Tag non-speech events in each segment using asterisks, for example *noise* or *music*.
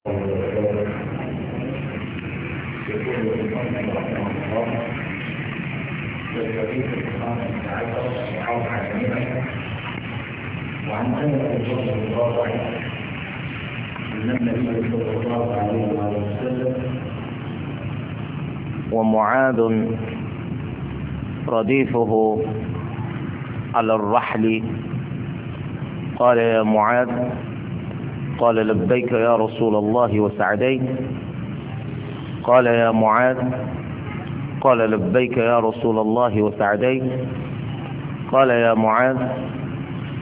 وعن أنس رضي الله عنه النبي صلى الله عليه وسلم ومعاذ رديفه على الرحل قال يا معاذ قال لبيك يا رسول الله وسعديك قال يا معاذ قال لبيك يا رسول الله وسعديك قال يا معاذ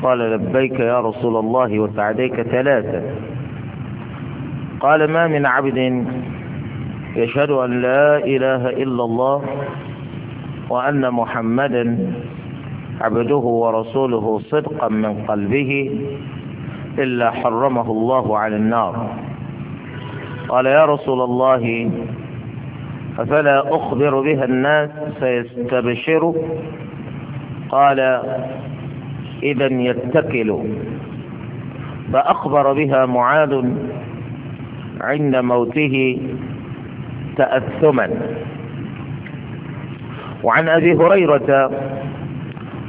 قال لبيك يا رسول الله وسعديك ثلاثة قال ما من عبد يشهد أن لا إله إلا الله وأن محمدا عبده ورسوله صدقا من قلبه إلا حرمه الله على النار قال يا رسول الله أفلا أخبر بها الناس فيستبشر قال إذا يتكل فأخبر بها معاذ عند موته تأثما وعن أبي هريرة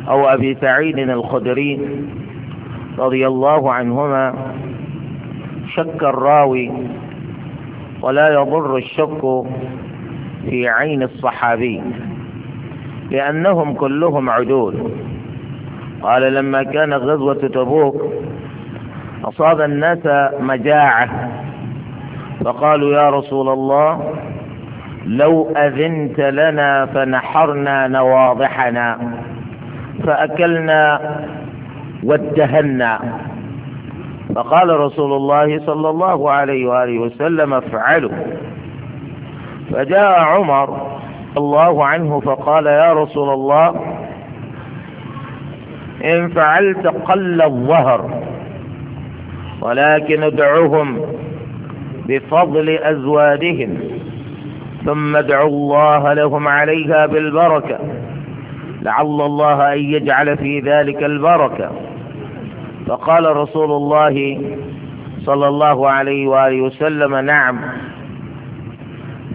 أو أبي سعيد الخدري رضي الله عنهما شك الراوي ولا يضر الشك في عين الصحابي لأنهم كلهم عدول قال لما كان غزوة تبوك أصاب الناس مجاعة فقالوا يا رسول الله لو أذنت لنا فنحرنا نواضحنا فأكلنا واتهنا فقال رسول الله صلى الله عليه وآله وسلم افعلوا فجاء عمر الله عنه فقال يا رسول الله إن فعلت قل الظهر ولكن ادعهم بفضل أزوادهم ثم ادعوا الله لهم عليها بالبركة لعل الله أن يجعل في ذلك البركة فقال رسول الله صلى الله عليه وآله وسلم نعم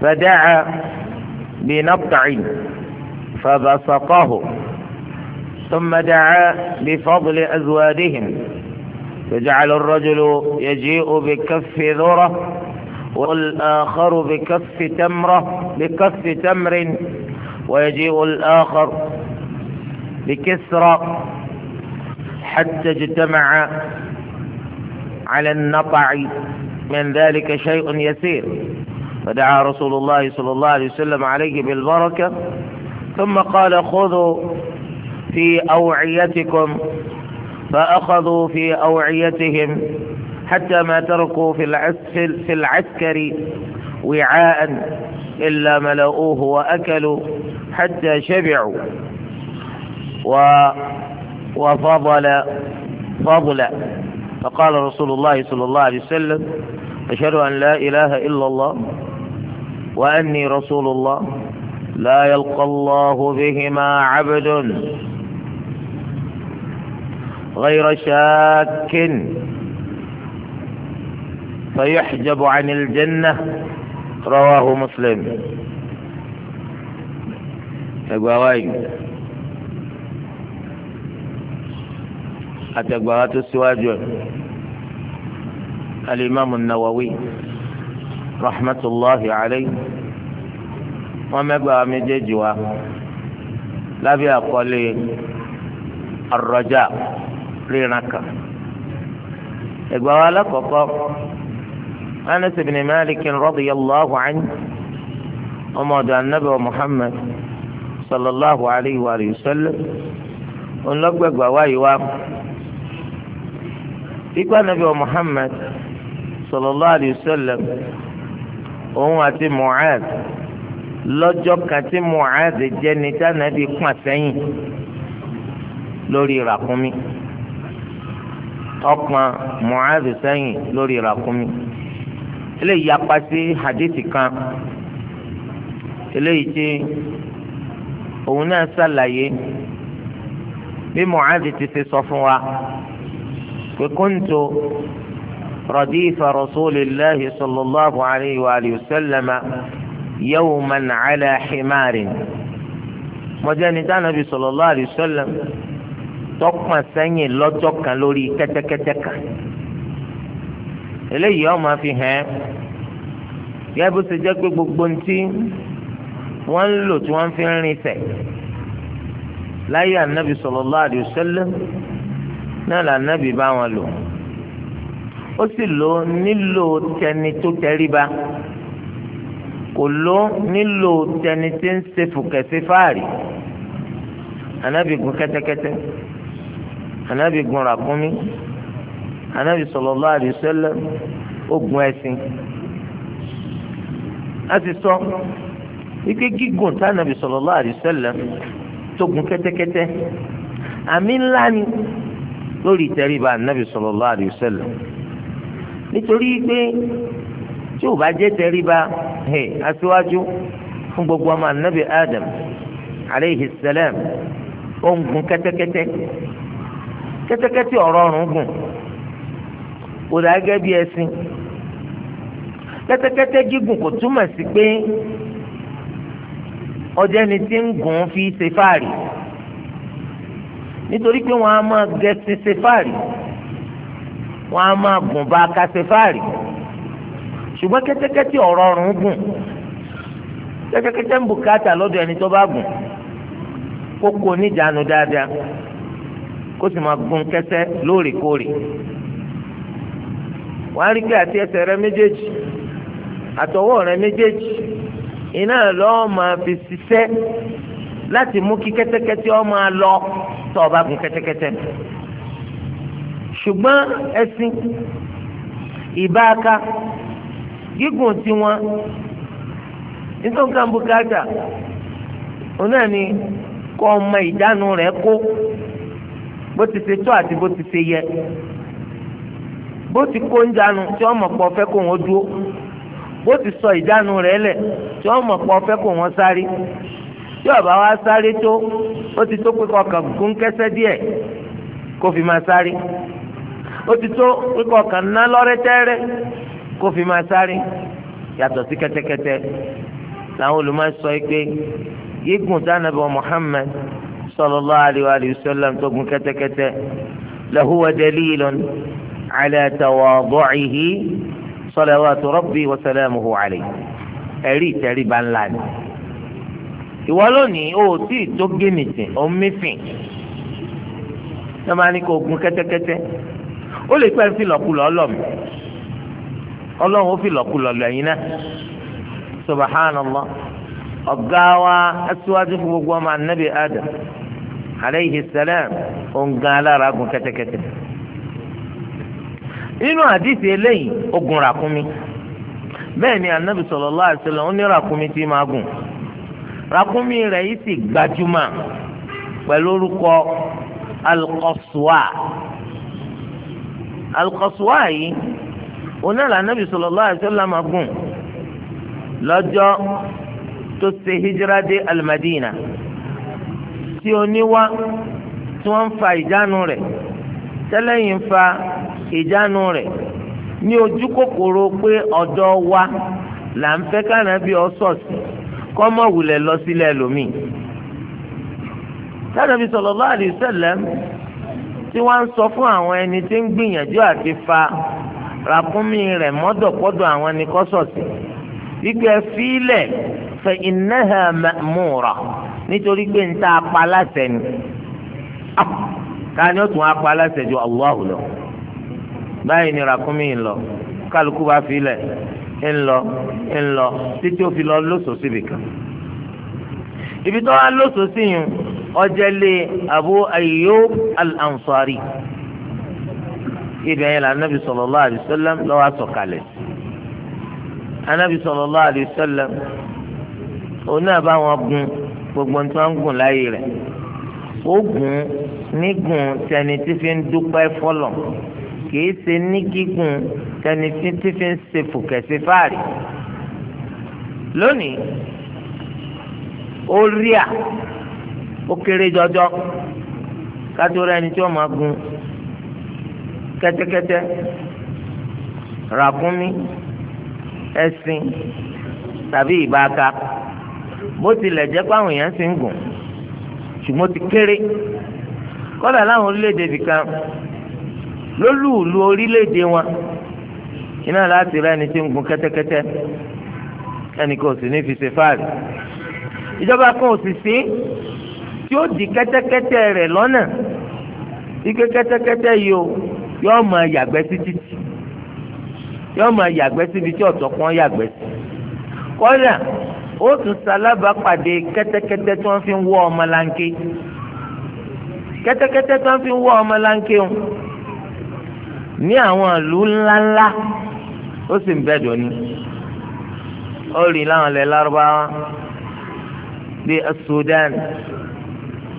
فدعا بنبطع فبسطه ثم دعا بفضل أزوادهم فجعل الرجل يجيء بكف ذرة والآخر بكف تمرة بكف تمر ويجيء الآخر بكسرة حتى اجتمع على النطع من ذلك شيء يسير فدعا رسول الله صلى الله عليه وسلم عليه بالبركة ثم قال خذوا في أوعيتكم فأخذوا في أوعيتهم حتى ما تركوا في في العسكر وعاء إلا ملؤوه وأكلوا حتى شبعوا و وفضل فضلا فقال رسول الله صلى الله عليه وسلم أشهد أن لا إله إلا الله وأني رسول الله لا يلقى الله بهما عبد غير شاك فيحجب عن الجنة رواه مسلم أقوى àtẹgbàwá tó síwájú ẹ alimami nawawi rahmatulahi alayhi wọn mẹgbàá méjèèjì wa lábẹ́ àkọlé arọjà ríran kan ẹgbàá wa alákọ̀ọ́kọ́ anas ibn malik radiyallahu anhu ọmọ ọ̀dọ̀ anabi wa muhammad sallallahu alayhi wa sallam ọlọgbẹgbàá yìí wa ikú anabi muhammed sallallahu alayhi wa sallam òun àti mu'ad lọ́jọ́ kan tí mu'ad jẹ́ ní tànàbí kún àsẹ́yìn lórí ràkúnmí ọkàn mu'ad sẹ́yìn lórí ràkúnmí eléyìí yapa sí hadith kan eléyìí tí òun náà ṣàlàyé bí mu'ad ti ṣe sọ fún wa. كنت رديف رسول الله صلى الله عليه وآله وسلم يوما على حمار مجاني النبي صلى الله عليه وسلم tọkàn sẹ́yìn lọ́jọ́ kan lórí kẹ́tẹ́kẹ́tẹ́ kan eléyìí ọmọ fi hàn yẹ bó ṣe jẹ́ pé gbogbo ntí wọ́n ń lò tí wọ́n fi ń rin sẹ̀ láyé ànábì sallallahu alaihi wasallam náà lànàbì bá wọn lò ó sì lò nílò tẹni tó tẹríba kò lò nílò tẹni tí ń ṣe fùkẹ̀sí fáàrí ànábì gun kẹ́tẹ́kẹ́tẹ́ ànábì gun ràkúnmí ànábì sallallahu alaihi wasallam ó gun ẹṣin a ti sọ ike gígùn tí ànábì sallallahu alaihi wasallam tó gun kẹ́tẹ́kẹ́tẹ́ àmì ńlá ni. lórí ìtẹríba anabi sallallahu alayhi wa sallam nítorí pé tí ò bá jẹ́ tẹríba aṣíwájú fún gbogbo ọmọ anabi adam aleyhi salam ó ń gun kẹtẹkẹtẹ kẹ́tẹ́kẹ́tẹ́ ọ̀rọ̀ ọ̀run gùn kò dà gẹ́gẹ́ bí ẹṣin kẹ́tẹ́kẹ́tẹ́ gígùn kò túmọ̀ sí pé ọjọ́ ẹni tí ń gùn fi ṣe fáàrí. nítorí pé wọ́n á máa gẹ sefari wọ́n á máa gùn bá aka sefari ṣùgbọ́n kẹ́tẹ́kẹ́tẹ́ ọ̀rọ̀ ọ̀rùn gùn kẹ́tẹ́kẹ́tẹ́ ń bùkátà lọ́dọ̀ ẹni tó bá gùn kó kó níjànú dáadáa kó sì máa gùn kẹ́sẹ́ lóòrèkóòrè wàá rí pé àti ẹsẹ̀ rẹ méjèèjì àtọwọ́ rẹ méjèèjì iná lọ́ọ́ máa fi ṣiṣẹ́ láti mú kí kẹ́tẹ́kẹ́tẹ́ ọ máa lọ tó o bá gun kẹ́tẹ́kẹ́tẹ́ ṣùgbọ́n ẹṣin ìbáaka gígùn tiwọn nítorí kan bùkátà òun náà ni kọ́ ọmọ ìdánu rẹ̀ kó bó ti ṣe tó àti bó ti ṣe yẹ bó ti kó ń dànù tí wọ́n mọ̀ pọ̀ fẹ́ kó wọn dúró bó ti sọ ìdánu rẹ̀ lẹ̀ tí wọ́n mọ̀ pọ̀ fẹ́ kó wọn sáré tí ọba wa sáré tó ó ti tó pé kọkàn gún kẹsẹ̀ díẹ̀ kó fi máa sáré ó ti tó pé kọkàn ná lọ́rẹ́ tẹ́rẹ́ kó fi máa sáré yàtọ̀ sí kẹ́tẹ́kẹ́tẹ́ làwọn olùmọ̀ sọ pé gígùn tánàbí Muhammad sallallahu alayhi wa sallam tó gùn kẹ́tẹ́kẹ́tẹ́ lahuwa dalilun ala tawadu'ihi salawatu rabbi wa salamuhu alayhi ẹ̀rí ìtẹríba ńlá ni. ìwọ lónìí o tí ì tó gínìtì ò ń mífìn lọ́mọ kò gun kẹ́tẹ́kẹ́tẹ́ ó lè pẹ́ fi ọlọ́mù ọlọ́run ó fi lẹ́yìn náà subhanallah ọ̀gá wa aṣíwájú fún gbogbo ọmọ anabi adam aleyhi salam ó ń gan alára gun kẹ́tẹ́kẹ́tẹ́ nínú àdìsí eléyìí ó gun ràkúnmí bẹ́ẹ̀ ni anabi sallallahu alaihi wasallam ó ní ràkúnmí tí máa gùn. rakumi rẹ yìí sì gbajúmọ̀ pẹ̀lú orúkọ alkọ̀sùwà alkọ̀sùwà yìí onílà anábì nabi sọlọlọ wasallam gùn lọjọ tó ṣe hijira dé alimadina tí oníwá tí wọ́n fa ìjánu rẹ tẹ́lẹ̀ yìí fa ìjánu rẹ ní ojú kòkòrò pé ọjọ wa là ń fẹ́ kánà bí ọ kọ́mọ̀ wulẹ̀ lọ sílẹ̀ lómi. Ànábì sallallahu alaihi wasallam tí wọ́n ń sọ fún àwọn ẹni tí ń gbìyànjú àti fa ràkúnmí rẹ̀ mọ́dọ̀kọ́dọ̀ àwọn ẹni kọ́sọ̀sì wípé fílẹ̀ fa innaha ma'mura nítorí pé ń ta apá láṣẹ ni ká ah! ní ó tún apá láṣẹ ju Allahu lọ báyìí ni ràkúnmí lọ kálukú bá fílẹ̀ ńlọ ńlọ títí ó fi lọ lóṣooṣì bìkan ibi tó wá lóṣooṣì yìí ọjọ́ lé Abu Ayyub al-Ansari ibẹ̀ yẹn la anabi sallallahu alaihi wasallam lọ́wọ́ sọ̀kalẹ̀ anabi sallallahu alaihi wasallam òun náà bá wọn gun gbogbo tí wọ́n ń gùn láyé rẹ̀ ó gùn nígùn tẹni tí fi ń dúpẹ́ fọlọ́ kìí ṣe ní gígùn tẹni tí fi ń ṣe fòkẹ̀sí fáàrí lónìí ó rí à ó kéré jọjọ kátó rẹ ẹni tí ó máa gun kẹ́tẹ́kẹ́tẹ́ ràkúnmí ẹṣin tàbí ìbáka bó tilẹ̀ jẹ́ pé àwọn èèyàn ti ń gùn ṣùgbọ́n ti kéré kọ́dà láwọn orílẹ̀-èdè bìkan lólùlù orílẹ̀-èdè wọn iná láti rẹ ẹni tí ń gun kẹ́tẹ́kẹ́tẹ́ ẹnì kan ò sì ní fi ṣe fáàrí ìjọba kan ò sì sí tí ó di kẹ́tẹ́kẹ́tẹ́ rẹ̀ lọ́nà ike kẹ́tẹ́kẹ́tẹ́ yìí o yóò máa yàgbẹ́ sí títì yóò máa yàgbẹ́ síbi tí ọ̀tọ̀ kan yàgbẹ́ sí kọ́dà ó tún ṣalábàápàdé kẹ́tẹ́kẹ́tẹ́ tí wọ́n fi ń wọ́ ọmọlanke kẹ́tẹ́kẹ́tẹ́ tí wọ́n fi ń wọ́ ọmọlanke o ní àwọn ìlú ńláńlá ó sì ń bẹ dòní ó rí láwọn ilẹ̀ lárúbáwá bíi Sudan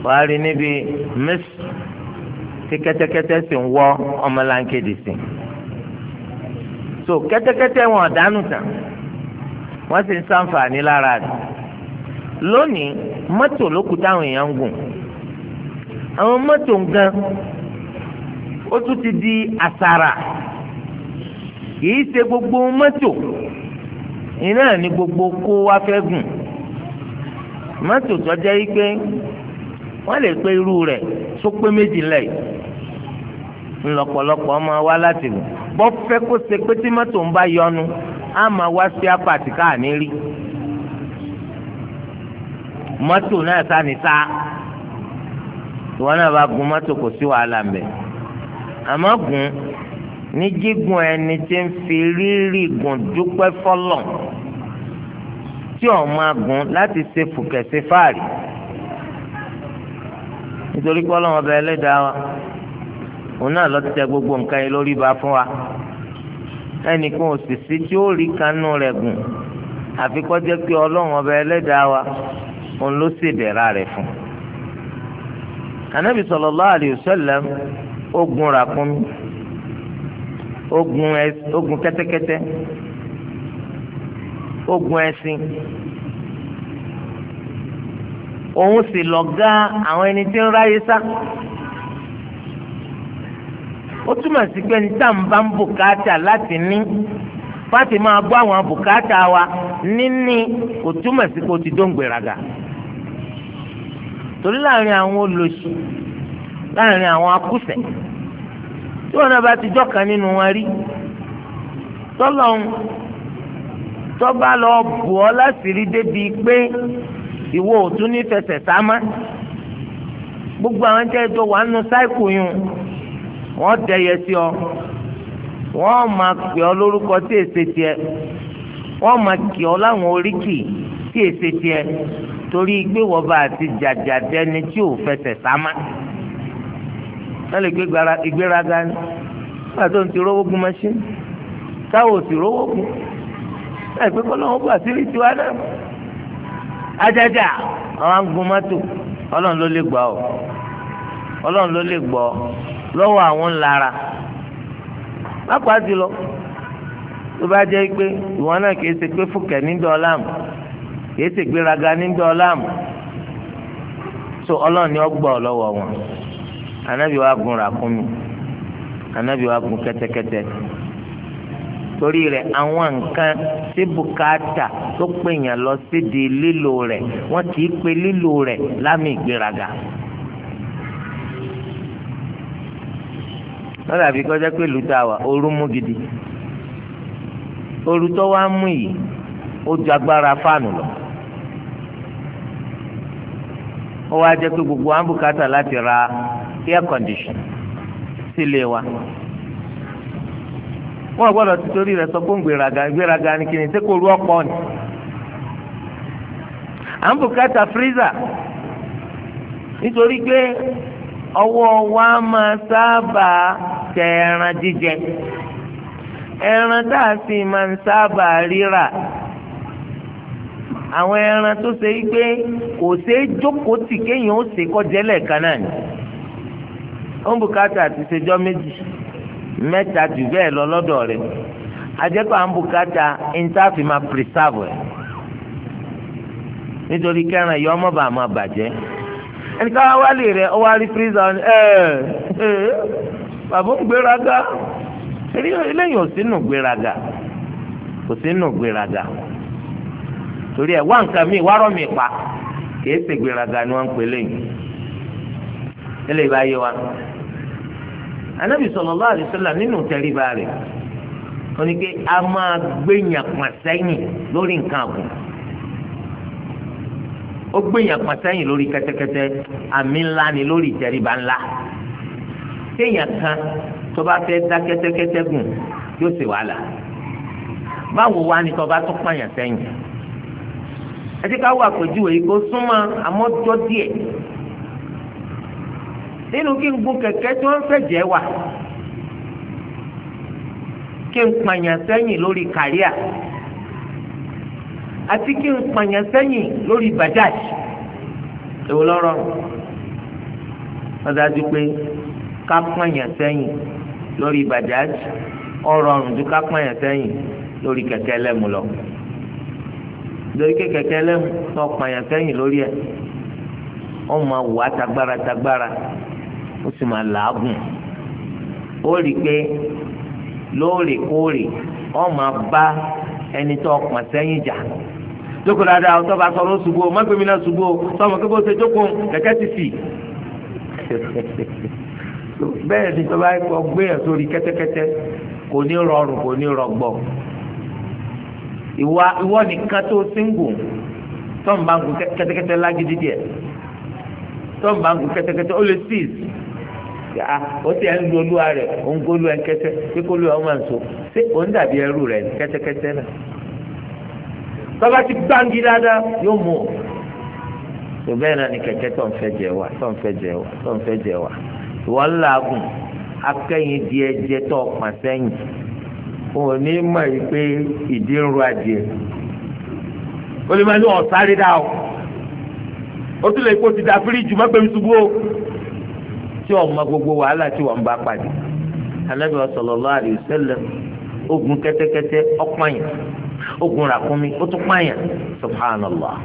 wàá rí níbi Misr tí kẹ́tẹ́kẹ́tẹ́ sì ń wọ́ ọmọláńkéde sí so kẹ́tẹ́kẹ́tẹ́ wọn ọ̀dánù tán wọ́n sì ń ṣàǹfààní lára rẹ̀ lónìí mọ́tò lókùtà àwọn èèyàn ń gùn àwọn mọ́tò ń gan ó tún ti di àsàrà kìí ṣe gbogbo mọ́tò iná ní gbogbo kó wá fẹ́ gùn mọ́tò tó jẹ́ yí pé wọ́n lè pe irú rẹ̀ tó pé méjì lẹ̀ ńlọ́pọ̀lọpọ̀ máa wá láti lò bọ́ fẹ́ kó ṣe pé tí mọ́tò ń bá yọnu á máa wá sí apàtì káàní rí mọ́tò náà sá ni sá ìwọ náà bá gun mọ́tò kò sí wàhálà mbẹ́ àmọ́ gùn ní gígùn ẹni tí ń fi rírì gùn dúpẹ́ fọlọ́ tí ò máa gùn láti ṣe fùkẹ̀sẹ̀ fáàrí nítorí pé ọlọ́run ọba ẹlẹ́dàá wa òun náà lọ tẹ gbogbo nǹkan yẹn lórí ba fún wa ẹnìkan ò sì sí tí ó rí kanú rẹ̀ gùn àfi kó jẹ́ pé ọlọ́run ọba ẹlẹ́dàá wa òun ló ṣèdẹ̀ra rẹ̀ fún un. ànábì sallallahu alaihi wasallam ó gun ràkúnmí ó gun ẹ ó gun kẹ́tẹ́kẹ́tẹ́ ó gun ẹṣin òun sì lọ̀gá àwọn ẹni tí ń ráyé sá ó túmọ̀ sí pé ní tá à ń bá ń bùkátà láti ní fáti máa bọ́ àwọn bùkátà wa níní kò túmọ̀ sí pé ti dóńgbèraga torí láàrin àwọn olóṣù láàrin àwọn akúṣẹ̀. tí wọn náà bá ti jọkàn nínú wọn rí tọba lọ bù ọ láṣìírí débi pé ìwọ ò ní fẹsẹ̀ sámá gbogbo àwọn jẹ́ ìjọ wà nù sáìkù yùn dẹyẹ sí ọ máa pè ọ lórúkọ tí èsè tiẹ̀ wọ́n máa kì ọ láwọn oríkì tí èsè tiẹ̀ torí pé wọ́n ti jàjà dẹni tí ò sámá. wọ́n lè gbé ìgbéraga ni wọ́n àti òun ti rówó gun mọ́ṣíìnì táwọn ò sì rówó gun ẹ̀ pé kọ́ lọ́wọ́ gbà sílẹ̀ tiwa náà ajaja àwọn agun mọ́tò ọlọ́run ló lè gbọ́ ọ ọlọ́run ló lè gbọ́ lọ́wọ́ àwọn ńlára pápá ti lọ tó bá jẹ́ pé ìwọ náà kìí ṣe pé fúkẹ́ ní kìí ṣe gbéraga ní so ọlọ́run ni ó gbọ́ ọ lọ́wọ́ wọn. anabi wa gun ràkúnmí anabi wa gun kẹ́tẹ́kẹ́tẹ́ torí rẹ̀ àwọn nǹkan tí bùkátà tó pèèyàn lọ sídi lílo rẹ̀ wọ́n kì í pe lílo rẹ̀ lámì ìgbéraga. wọ́n dàbí kọjá pé ìlú wà ooru mú gidi ooru tó wá mú yìí ó ju agbára fáànù lọ. ó wá jẹ́ pé gbogbo àbùkátà láti ra air condition sílé wa wọn gbọ́dọ̀ títorí rẹ̀ sọ fún gbéraga gbéraga ni kí ni tí kò rú ọ̀pọ̀ ni à ń bùkátà freezer nítorí pé ọwọ́ wa máa sábà tẹ ẹran jíjẹ ẹran tá a sì máa ń sábà rírà àwọn ẹran tó ṣe é gbé kò ṣeé jókòó tì kéèyàn ó ṣe kọjá lẹ́ẹ̀kan náà ni. ó ń bùkátà àti ṣèjọ́ méjì mẹ́ta jù bẹ́ẹ̀ lọ lọ́dọ̀ rẹ̀ àjẹpà ń bùkátà intafi máa pírísàvù nítorí kẹrin yọ ọmọ bàá máa bàjẹ́ ẹni ká wá lè rẹ ọwọ́ àrí pírísà ẹ ẹ bàbá ń gbéraga eléyìí ò sínú gbéraga kò sínú gbéraga torí ẹ wá nǹkan mi wárọ̀ mi pa kì í ni ń pè anabi sallallahu alaihi wasallam nínú tẹríba rẹ̀ wọ́n ní pé a máa gbẹ̀yàn pàṣẹ́yìn lórí nǹkan àgùn ó gbẹ̀yàn pàṣẹ́yìn lórí kẹ́tẹ́kẹ́tẹ́ àmì ńlá ni lórí ìtẹríba ńlá téèyàn kan tó bá fẹ́ dá kẹ́tẹ́kẹ́tẹ́ gùn yóò ṣe wàhálà báwo wá ni tó bá tún pààyàn sẹ́yìn ẹ ti ká wà pẹ̀jú èyí kó súnmọ́ àmọ́jọ́ díẹ̀ nínú kí n gun kẹ̀kẹ́ tí wọ́n fẹ́ jẹ́ wà kí n pààyàn sẹ́yìn lórí kàríà àti kí n pààyàn sẹ́yìn lórí bajaj èwo lọ́rọ̀ ọ̀dájú pé ká pààyàn sẹ́yìn lórí bajaj ọ̀rọ̀ ọ̀rùn ju ká pààyàn sẹ́yìn lórí kẹ̀kẹ́ lẹ́mu lọ lórí kẹ̀kẹ́ lẹ́mu tó pààyàn sẹ́yìn lórí ẹ̀ ọmọ wò á tagbára tagbára ó sì máa làágùn ó rí i pé lóòrèkóòrè ó máa bá ẹni tó pọ̀n sẹ́yìn jà jókòó dáadáa tó bá sọ̀rọ̀ ṣubú o mọ́gbẹ́mi náà ṣubú o sọmọ kí bó ṣe jókòó kẹ̀kẹ́ ti fì *laughs* bẹ́ẹ̀ ni tó bá kọ gbé ẹ̀ sórí kẹ́tẹ́kẹ́tẹ́ kò ní rọrùn kò ní rọgbọ ìwà ìwọ nìkan tó síngùn tó ń bá ń gun kẹ́tẹ́kẹ́tẹ́ lágídí díẹ̀ tó ń bá ń gun kẹ́tẹ́kẹ́tẹ́ ó lè tíì pé a ah, ó ti ẹ̀ ń lu olúwa rẹ̀ òun kó lu ẹ̀ ń kẹ́sẹ́ pé kó lu ẹ̀ ọmọ ǹso ṣé òun dàbí ẹrú rẹ̀ kẹ́sẹ́kẹ́sẹ́ náà tọ́ba ti gbáǹgì dáadáa yóò mú o tó bẹ́ẹ̀ náà ni kẹ̀kẹ́ tó ń fẹ́ jẹ wá tó ń fẹ́ jẹ wá tó ń fẹ́ jẹ wá ìwọ ńlá agùn akẹ́yìn di ẹ̀jẹ̀ tó pọ̀ sẹ́yìn òun ní mọ̀ yìí pé ìdí ń ro adìẹ olùmọ̀lú ọ̀sáré dá o ó tún lè kó ti da fíríjì mọ́pẹ́ mi ṣubú o tí ọmọ gbogbo wàhálà tí wọ́n bá pàdé anabi wa sallallahu alayhi wa sallam ogun kẹ́tẹ́kẹ́tẹ́ ọpọnyàn ogun ràkúnmí ó tún pààyàn subhanallah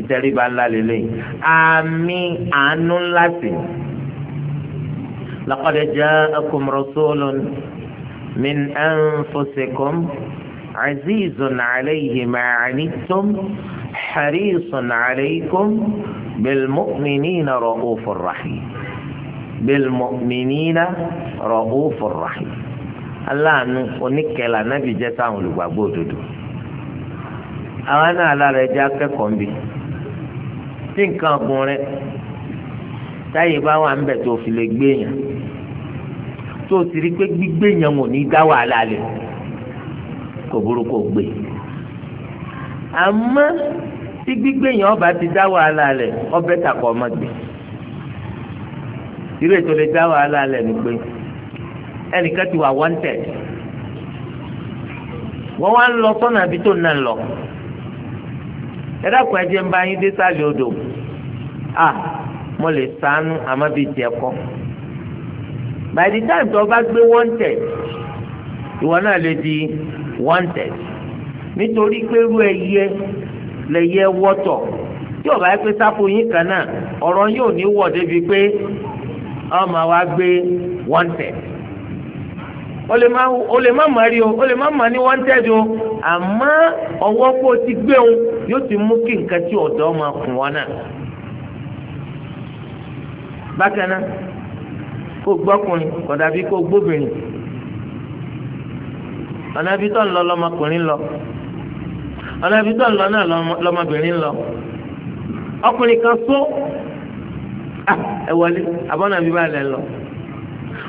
ìtẹríba ńlá lélẹyìn àmì àánú ńlá sí i laqad ja'akum rasulun min anfusikum azizun alayhi ma anittum harisun alaykum bil mu'minina ra'ufur rahim. bilmu'minina ra'ufur rahim aláàánú oníkẹlẹ anábì jẹ sáwọn olùgbàgbọ́ òdodo àwọn náà akẹ́kọ̀ọ́ ń bi tí nǹkan ọgbọ́n rẹ táyé bá wà ń bẹ tó fi lè gbéyàn tó o ti rí pé gbígbéyàn ò ní dá wàhálà lẹ kò burú gbé àmọ́ tí gbígbéyàn ọba ti dá wàhálà lẹ ọbẹ tàkọ ọmọ gbé. irú ètò lè dá wàhálà alẹ́ ní pé ẹnìkan ti wà wanted wọ́n wá ń lọ sọ́nà àbí tó náà lọ ẹ dákun ẹ jẹ́ ń bá yín odò à mo lè sànú àmọ́ bíi by the time tó o bá gbé wanted ìwọ náà lè di wanted nítorí pé irú ẹyẹ lẹyẹ wọ́tọ̀ tí o bá yẹ pé sáfù yín kan náà ọ̀rọ̀ yóò ní wọ̀ débi ọmọ wa gbé wanted o lè má mọ̀ rí o o lè má mọ̀ ní wanted o àmọ́ ọwọ́ pé o ti gbé òun yóò ti mú kí nǹkan tí ọ̀dọ́ máa kùn wọn náà bákan náà kó gbọ́kùnrin kò dàbí kó gbóbìnrin ọ̀nà ibi tó ń lọ lọmọkùnrin lọ ọ̀nà ibi tó ń lọ náà lọmọbìnrin lọ ọkùnrin kan só. Ah, ẹ wọlé àbọ̀nà mi bá lẹ̀ lọ.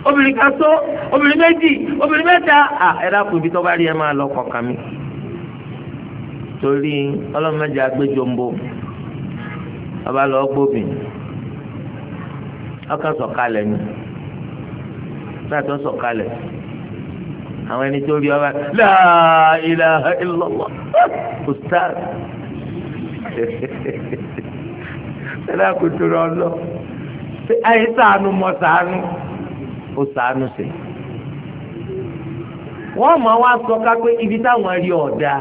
obìnrin kan tó obìnrin méjì obìnrin mẹ́ta ah, ẹ dákun ibi tó bá rí ẹ máa lọ kọ̀ọ̀kan mi. torí ọlọ́mọdé agbẹjọ́mbó ọba lọ gbóbi ọkàn sọ̀kalẹ̀ ni láti sọ̀kalẹ̀ àwọn ẹni tó rí ọba la ilaha illallah ah, ustaz. *laughs* Ẹ dákun tó rọ ọ lọ. ayé sànù mọ sànù ó sànù sí wọ́n mọ̀ wá sọ ká ibi táwọn rí ọ̀dà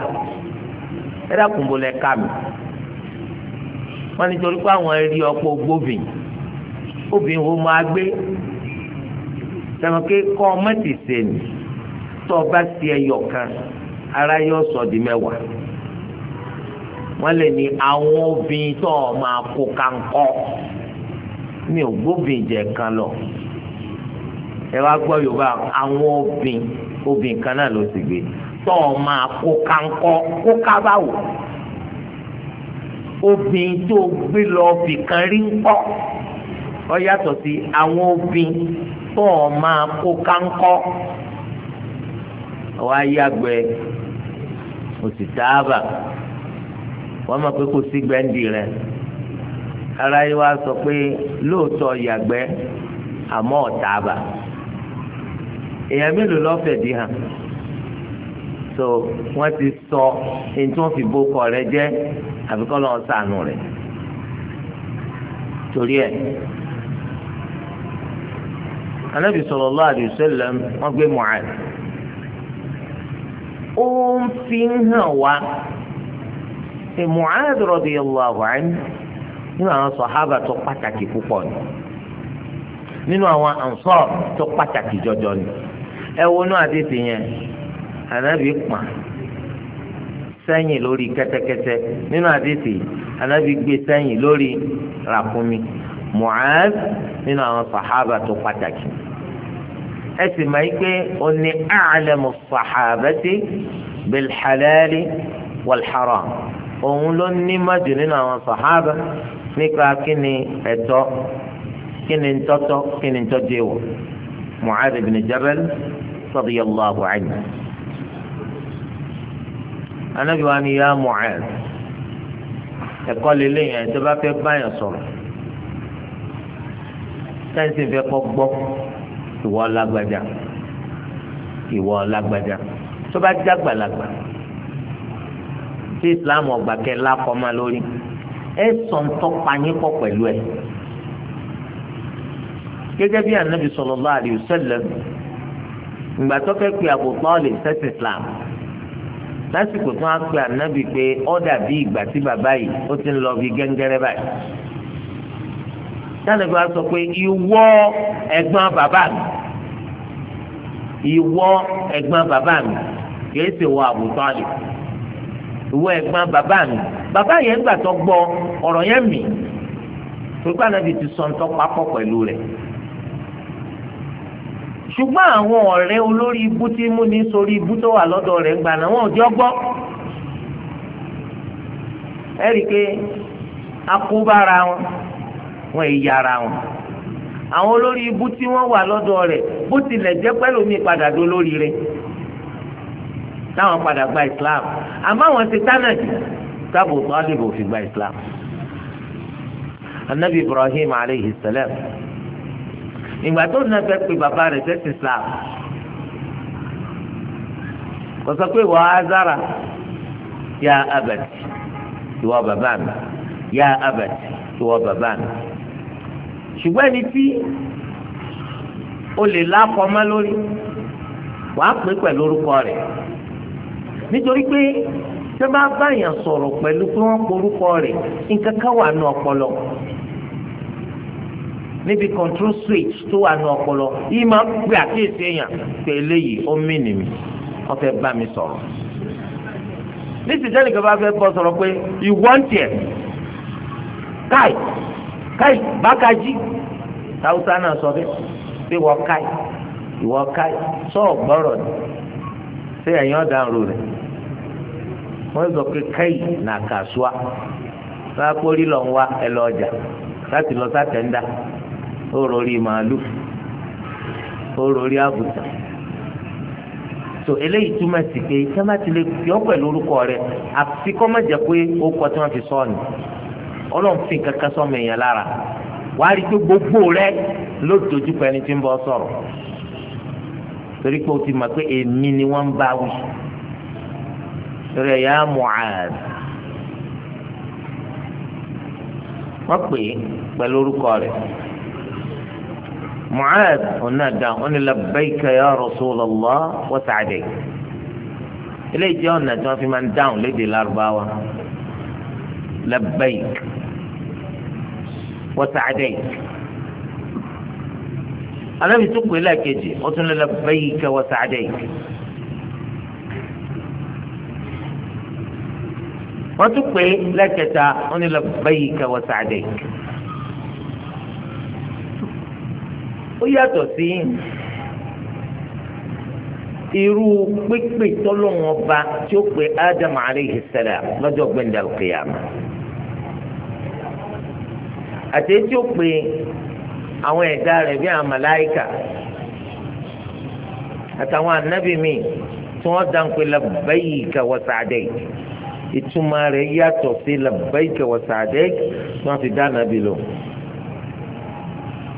ẹ dákun ká mi wọ́n ní torí pé àwọn rí gbóbìn wo máa gbé sẹ́wọ̀n kọ́ mẹ́tì sẹ́ni tó ọba sí ẹyọ kan ara yọ sọ di mẹ́wàá lè ní àwọn tó máa kó mi ò gbóbìn jẹ kan lọ ẹ wá gbọ́ yorùbá àwọn obìn obìn kan náà ló sì gbé tọ́ ọ máa kó kankọ́ kó kábà wò obìn tó gbé lọ fìkan rí ń kọ́ ọ yàtọ̀ sí àwọn obìn tọ́ ọ máa kó kankọ́ wá yàgbẹ́ òsì tààbà wọ́n máa pé kó sí gbẹ́ndì rẹ̀ ara yìí wá sọ pé lóòótọ́ yàgbẹ́ àmọ́ ọ̀tàbà èèyàn mélòó lọ́fẹ̀ẹ́ di hàn so wọ́n ti sọ ẹni tí wọ́n fi bókọ rẹ jẹ́ àfikọ́ lọ́wọ́ sànù rẹ̀ torí ẹ̀ anabi sallallahu alaihi wasallam wọ́n gbé Mu'adh ó ń fi hàn wá Mu'adh radiyallahu anhu nínú àwọn sọ̀hábà tó pàtàkì púpọ̀ ni nínú àwọn ansar tó pàtàkì jọjọ ni ẹ wọnú àdéhùn yẹn ànábì pa sẹ́yìn lórí kẹ́tẹ́kẹ́tẹ́ nínú àdéhùn ànábì gbé sẹ́yìn lórí ràkúnmí Mu'az nínú àwọn sọ̀hábà tó pàtàkì ẹ sì máa ń pé ó ní a'lamu sọ̀hábàtì bil halali wal haram òun ló ní májò nínú àwọn sọ̀hábà nípa kí ni ẹ̀tọ́ kí ni ntọ́tọ́ kí ni ntọ́jú ìwọ̀ Mu'adh ibn Jabal radiyallahu anhu. anabi wa ni ya Mu'adh ẹ̀kọ́ lélẹ̀ yẹn tó bá fẹ́ báyọ̀ sọ̀rọ̀ sẹ́ńsì fẹ́ kọ́ gbọ́ ìwọ lágbájá ìwọ lágbájá tó bá jágbàlagbà tí Islam ọgbà kẹ́ lákọ́ máa lórí ẹ sọ ntọ́pa yín pọ̀ pẹ̀lú ẹ. gẹ́gẹ́ bí anabi sallallahu alaihi wasallam ìgbà tó fẹ́ pe Abu Talib sẹ́sì Islam lásìkò tó wá pe anabi pé ó dàbí ìgbà tí bàbá yìí ó ti ń lọ bí gẹ́ngẹ́rẹ́ báyìí. sanabi wa sọ pé ìwọ ẹ̀gbọ́n bàbá mi ìwọ ẹ̀gbọ́n bàbá mi kìí ṣe wọ Abu Talib ìwọ ẹ̀gbọ́n bàbá mi bàbá yẹn gbà tó gbọ́ ọ̀rọ̀ yẹn mì torípa nàbì ti sọ ntọ́ papọ̀ pẹ̀lú rẹ̀ ṣùgbọ́n àwọn ọ̀rẹ́ olórí ibú tí mú ní sórí ibú tó wà lọ́dọ̀ rẹ̀ gbà náà wọn ò jọ gbọ́ ẹ pé akóbára wọn wọn èyí ara wọn àwọn olórí ibú tí wọ́n wà lọ́dọ̀ rẹ̀ bó tilẹ̀ jẹ́ pẹ́lú mi padà dó lórí rẹ̀ táwọn padà gba islam àmọ́ àwọn ti tánàdì tábù tọ́lìbù fi gba islam. anabi ibrahim aleyhi salam ìgbà tó náà fẹ́ pe bàbá rẹ̀ sẹ́sì islam kò sọ pé wàá azara ya abati ìwọ bàbá mi ya abati ìwọ bàbá mi ṣùgbọ́n ẹni tí o lè lákọ̀ọ́ mọ́ lórí wàá pè pẹ̀lú orúkọ rẹ̀ nítorí pé tẹ́ bá báyàn sọ̀rọ̀ pẹ̀lú pé wọ́n porúkọ rẹ̀ nǹkan kan wà nù ọpọlọ níbi control switch tó wà nù ọpọlọ yìí máa ń pè àkíyèsí èèyàn pé eléyìí ó mì nì mí wọ́n fẹ́ bá mi sọ̀rọ̀ nísìsiyẹ́ nìkan bá fẹ́ bọ́ sọ̀rọ̀ pé ìwọ́n tiẹ̀ káì káì bákàjí táwùsá náà sọ bẹ́ẹ̀ pé wọ́n káì ìwọ́n káì sọ̀ọ́ gbọ́rọ̀ ni. sai ẹ̀yin ọ̀dà ń ro rẹ̀ wọ́n sọ pé kẹ́yì nà kàṣùà lápórí lọ lọ ọjà láti lọ sátẹ̀ńdà ó màálù so eléyìí túmọ̀ sí pé sábà ti lè yọ pẹ̀lú orúkọ rẹ̀ àfi kọ́ má pé ó kọ́ tí wọ́n fi kankan sọ́mọ lára wàá gbogbo ló dojú torí pé o ti mọ̀ pé èmi ni wọ́n ń bá wí rẹ̀ yá Mu'adh wọ́n pè é pẹ̀lú orúkọ rẹ̀ Mu'adh ọ̀nà dàn ó ní labbaika ya Rasulullah wa eléyìí jẹ́ ọ̀nà tí wọ́n fi máa ń dáhùn lédè lárúbáwá labbaik wa alábi tó pè lẹ́ẹ̀kejì ó tún lọ labbayka wa sa'dayk. wọ́n tún pè lẹ́ẹ̀kẹta ó ní labbayka wa sa'dayk. ó yàtọ̀ sí irú pípé tọ́lọ́wọ́n ọba tí ó pè ádámù alayhi salam lọ́jọ́ gbẹ̀ndàlùkìyàmù àti tí ó pè àwọn ẹ̀dá rẹ̀ bí àwọn màláìkà àtàwọn ànábì míì tí wọ́n dáńpé labbaika wa sa'daik ìtumọ̀ rẹ̀ yàtọ̀ sí labbaika wa sa'daik tí wọ́n fi dá ànábì lò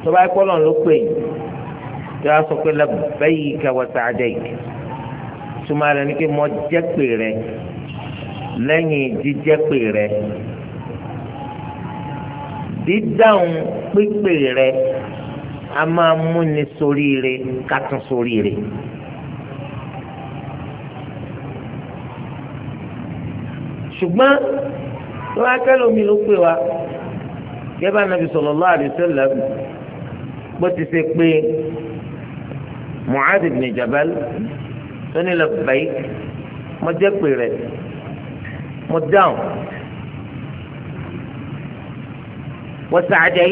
tó bá yẹ kọ́lọ̀ ló pè tí wọ́n sọ pé labbaika wa ìtumọ̀ rẹ̀ ni pé mo jẹ́ rẹ̀ lẹ́yìn jíjẹ́ rẹ̀ dídáhùn pípè rẹ̀ a máa múni soríire ká tún soríire. ṣùgbọ́n tó wá kẹ́lẹ́ omi ló pè wá gẹ́gẹ́ bá nàbì sallallahu alaihi wasallam bó ti ṣe pé Mu'adh ibn Jabal tó ní labbaik mo jẹ́ pè rẹ̀ mo dáhùn. lọ wọn jẹ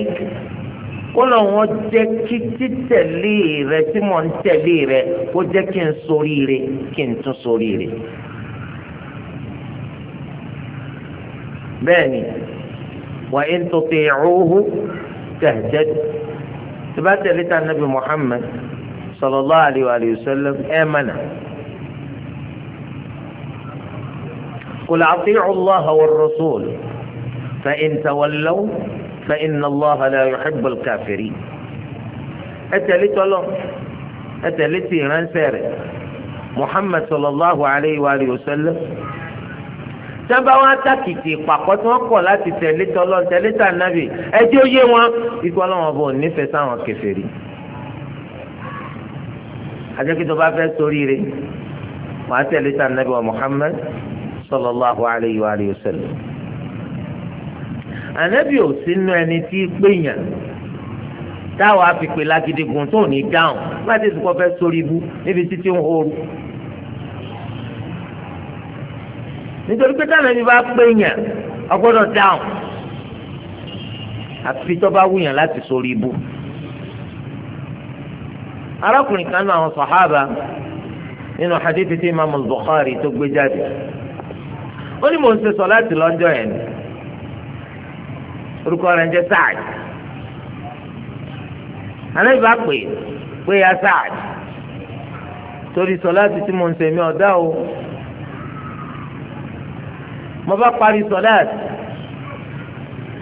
wọn jẹ́ kí títẹ̀lé rẹ tí mò ń tẹ̀lé rẹ kó jẹ́ kí n sórí rẹ kí n tún sórí rẹ. bẹ́ẹ̀ni wà á ń tọ́tẹ̀ ẹ̀hóhó tẹ̀jẹ́dù tí bá tẹ̀lé ta nabi Muhammad sallallahu alayhi wa alayhi wa sallam ẹ̀ mọ̀nà. قل أطيعوا الله والرسول فإن تولوا فإن الله لا يحب الكافرين. kafirin الله؟ tẹ̀lé tọ́lọ́ ẹ محمد صلى الله عليه وآله وسلم. alayhi wa sallam sábà wọn atakìtì ìpàkọ́ tí wọ́n kọ̀ láti tẹ̀lé tọ́lọ́ tẹ̀lé tànàbì ẹjẹ́ ó yé wọn ikú ọlọ́wọ́n bò nífẹ̀ẹ́ sáwọn kèfèrí. ajẹ́kítọ́ bá fẹ́ ṣoríire wọ́n á tẹ̀lé tànàbì wa Muhammad sallallahu alayhi wa sallam ànábì ò sínú ẹni tí péyàn táwa fipè lágídígun tó ní dáhùn láti sùkọ fẹ́ sórí ibú níbi títí ń ooru. nítorí pé táwọn ẹni bá péyàn ọgbọ́dọ̀ dáhùn àfi tó bá wúyàn láti sórí ibú. arákùnrin kan náà àwọn sàhábà nínú hadithi tí imaamu Bukhari tó gbé jáde ó ní mò ń ṣe sọ láti lọ́jọ́ yẹn orúkọ rẹ̀ ń jẹ́ Saad ànábì bá pè pé ya Saad torí sọláàtì tí mo ń sèmi ọ̀dá o mo bá parí sọláàtì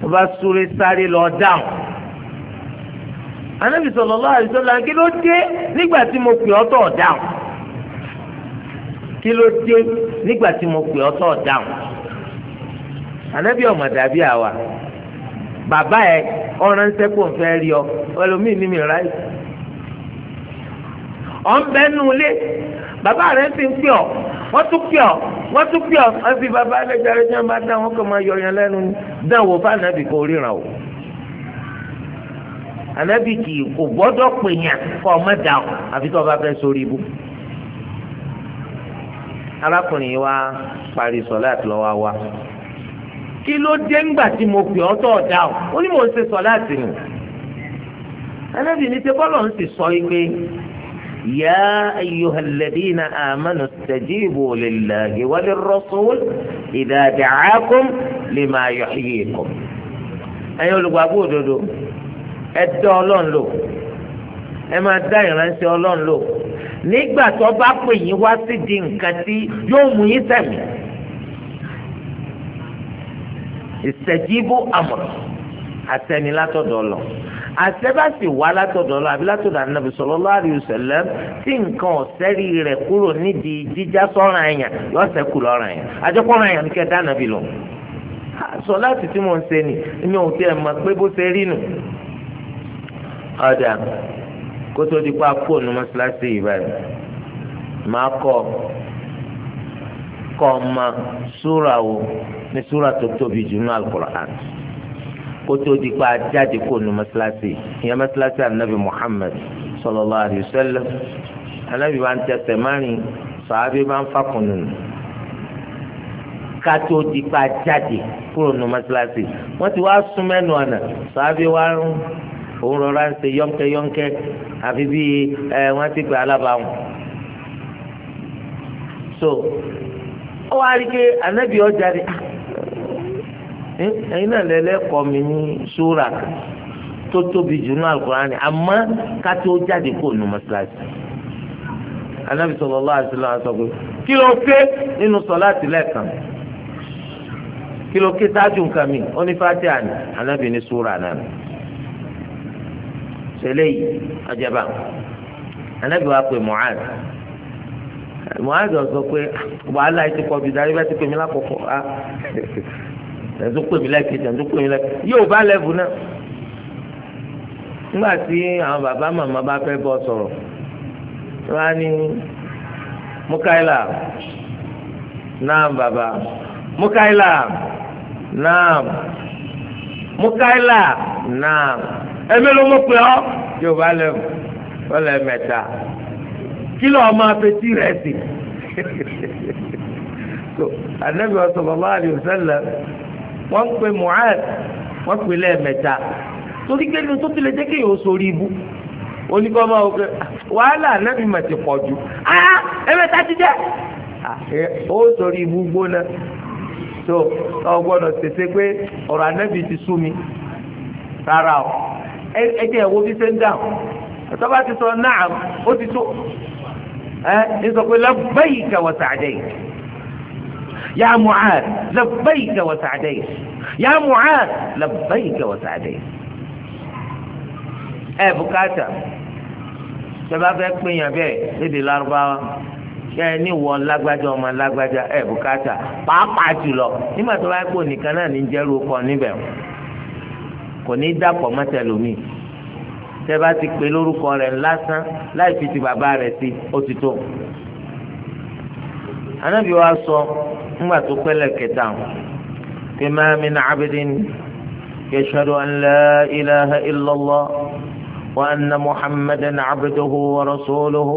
mo bá súré sáré lọ dáhùn ànábì sallallahu alaihi wasallam kí ló dé nígbà tí mo pè ọ́ tọ̀ dáhùn kí ló dé nígbà tí mo pè ọ́ tọ̀ dáhùn ànábì ọ̀mọ̀dàbí àwa. bàbá ẹ ọ̀ràn ń sẹ́kù ń fẹ́ rí ọ ẹlòmíì ní mi ráì. ọ̀ ń bẹ́ nu ilé bàbá rẹ̀ ti ń pè ọ́ wọ́n tún pè ọ́ wọ́n tún pè ọ́ wọ́n fi bàbá ẹlẹ́jàre tí wọ́n bá dá wọn kò máa yọ yẹn lẹ́nu dán wò fún ànábì kò ríran o. ànábì kì í kò gbọ́dọ̀ pènyàn kọ́ ọmọ dà ọ́ àfi tó o bá fẹ́ sórí ibú. arákùnrin wa parí sọ̀lá àti wa. wa kí ló dé ńgbà tí mo pè ọ́ tọ̀ dá o ó ní mò ń ṣe sọ láti rìn ẹlẹ́bi ní ṣe bọ́lọ̀ ń sì sọ yìí pé yá ayyuhalladhina amanu istajibu lillahi walirrasul idha da'akum lima yuhyikum ẹ̀yin olùgbàgbọ́ òdodo ẹ ọlọ́run lò ẹ máa dá ìránṣẹ́ ọlọ́run lò nígbà tó bá pè yín wá sí nǹkan tí yóò mú yín sẹ̀mí ìsẹ̀jíbó amọ̀rọ̀ àtẹni látọ̀dọ̀ lọ àtẹ́bàsì wá látọ̀dọ̀ lọ àbí látọ̀dọ̀ ànábì sallallahu alaihi wasallam tí nǹkan ọ̀sẹ́rì rẹ̀ kúrò nídìí jíjá sọ́ra ẹ̀yàn lọ́sẹ̀ kù lọ́ra ẹ̀yàn àjọpọ̀ra ẹ̀yàn ní kẹta ànábì lọ. sọ láti tí mo ń ṣe ni mi ò tiẹ̀ mọ̀ pé bó ṣe rí nù. ọ̀dà kó tó di pa fóònù mọ́ṣáláṣí ìbàdàn máa kọ́ kọ́ ọ ní súrà tó tóbi jù nínú alukur'an kó tó di pa jáde kó nu mọ́sálásí ìyẹn mọ́sálásí anabi muhammed sallallahu alayhi wa sallam anabi wa ń tẹsẹ̀ márìn sàábé bá ń fakùn nù ká tó di pa jáde kúrò nu mọ́sálásí wọ́n ti wá sún mẹ́nu ọ̀nà wa òun rọra ń ṣe yọ́nkẹ́ àfi bí ẹ wọ́n ti gbé alábàáwọn. so ó wá rí i pé anabi ọjà rẹ̀ ah ẹ̀yin náà lẹ́lẹ́kọ̀ọ́ mi ní ṣúra tó tóbi jù ní alukurani àmọ́ ká jáde kó nu anabi sallallahu alaihi wasallam sọ pé kí ló ké nínú sọláàtì lẹ́ẹ̀kan kí ló ké sáájú nǹkan mi ni anabi ní ṣúra náà yìí ọjọba anabi wa pé Mu'adh Mu'adh sọ pé wàhálà ti ti pè mí lákòókò ah, tẹ̀sán pèmí lẹ́kẹ̀ẹ́ tẹ̀sán pèmí lẹ́kẹ̀ẹ́ yóò bá lẹ́bù náà nígbà tí àwọn bàbá màmá bá fẹ́ bọ́ sọ̀rọ̀ wọ́n á ní mukaila náà bàbá mukaila náà mukaila náà ẹ̀mí ló mú pé ọ́ yóò bá lẹ́bù ọ̀lẹ́ mẹ́ta kí lọ́ọ́ máa fetí rẹ̀ sí. *laughs* so anabi wa sallallahu alayhi wa sallam wọ́n ń pe Mu'ad wọ́n pe lẹ́ẹ̀mẹ́ta torí pé ní sọ́tún lè jẹ́ kí yòó sórí ibú oníkọ́ máa wọ pé ah, wàhálà anábì mà ti pọ̀ jù áá ah, ẹ̀mẹ́ta ti jẹ́ ah, ó sórí ibú gbóná tó ọ gbọ́dọ̀ tètè pé ọ̀rọ̀ anábì ti sú mi rárá o ẹ jẹ́ ẹ̀wọ́ bí ṣe ń dáhùn ẹ̀tọ́ bá ti sọ náà ó ti tó ẹ̀ ń sọ pé labbayka wa sa'dayka. يا معاذ لبيك وسعديك يا معاذ لبيك وسعديك ẹ bùkátà tẹ́lá fẹ́ pèèyàn bẹ́ẹ̀ lédè lárúbáwá kẹ́ ẹ ní wọ́n lágbájá ọmọ lágbájá ẹ bùkátà pàápàá jùlọ nígbà tó bá pò nìkan náà ní jẹ́rú ọkọ níbẹ̀ kò ní dàpọ̀ mọ́tẹ́lómi tẹ́lá ti pè lórúkọ rẹ̀ lásán láì fi ti bàbá rẹ̀ sí ó ti tó. anábì wa sọ ńgbà tó pẹ́lẹ̀ kẹta fi máa mi na abidin yashadu an la ilaha illallah wa anna muhammadan abduhu wa rasuluhu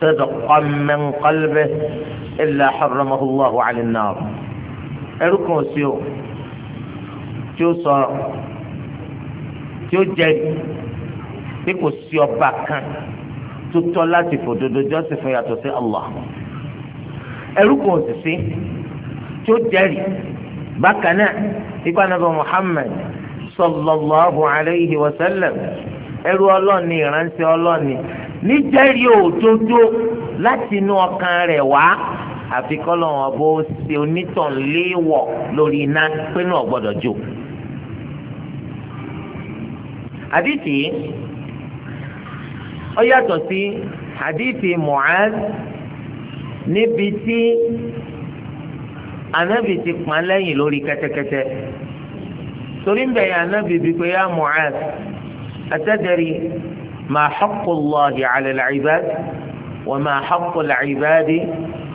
sadaqan min qalbihi illa haramahu allahu ala an-nar ẹrú kan sí o tí ó sọ tí ó jẹ́rìí pé kò sí ọba kan tó tọ́ láti fòdodo jọ́sìn fún yàtọ̀ sí Allah. ẹrú kan òṣìṣẹ́ tí ó jẹ́rìí bákan náà ipa nàbà ihe sallallahu alayhi wa sallam ẹrú ọlọ́ọ̀ni ìránṣẹ́ ọlọ́ọ̀ni níjẹ́rìí òdodo láti inú ọkàn rẹ̀ wá àfi kọ́lọ́hún ọba ṣe onítàn léèwọ̀ lórí iná pínú ọ̀gbọ́dọ̀ jò. yàtọ̀ sí níbi tí anabi ti pọn lẹ́yìn lórí kẹ́tẹ́kẹ́tẹ́ torí ń bẹ̀yẹ̀ anabi bíi pé ya Mu'az atadari ma haqqu Allahi alẹ́ al-ibad wa ma haqqu al-ibadi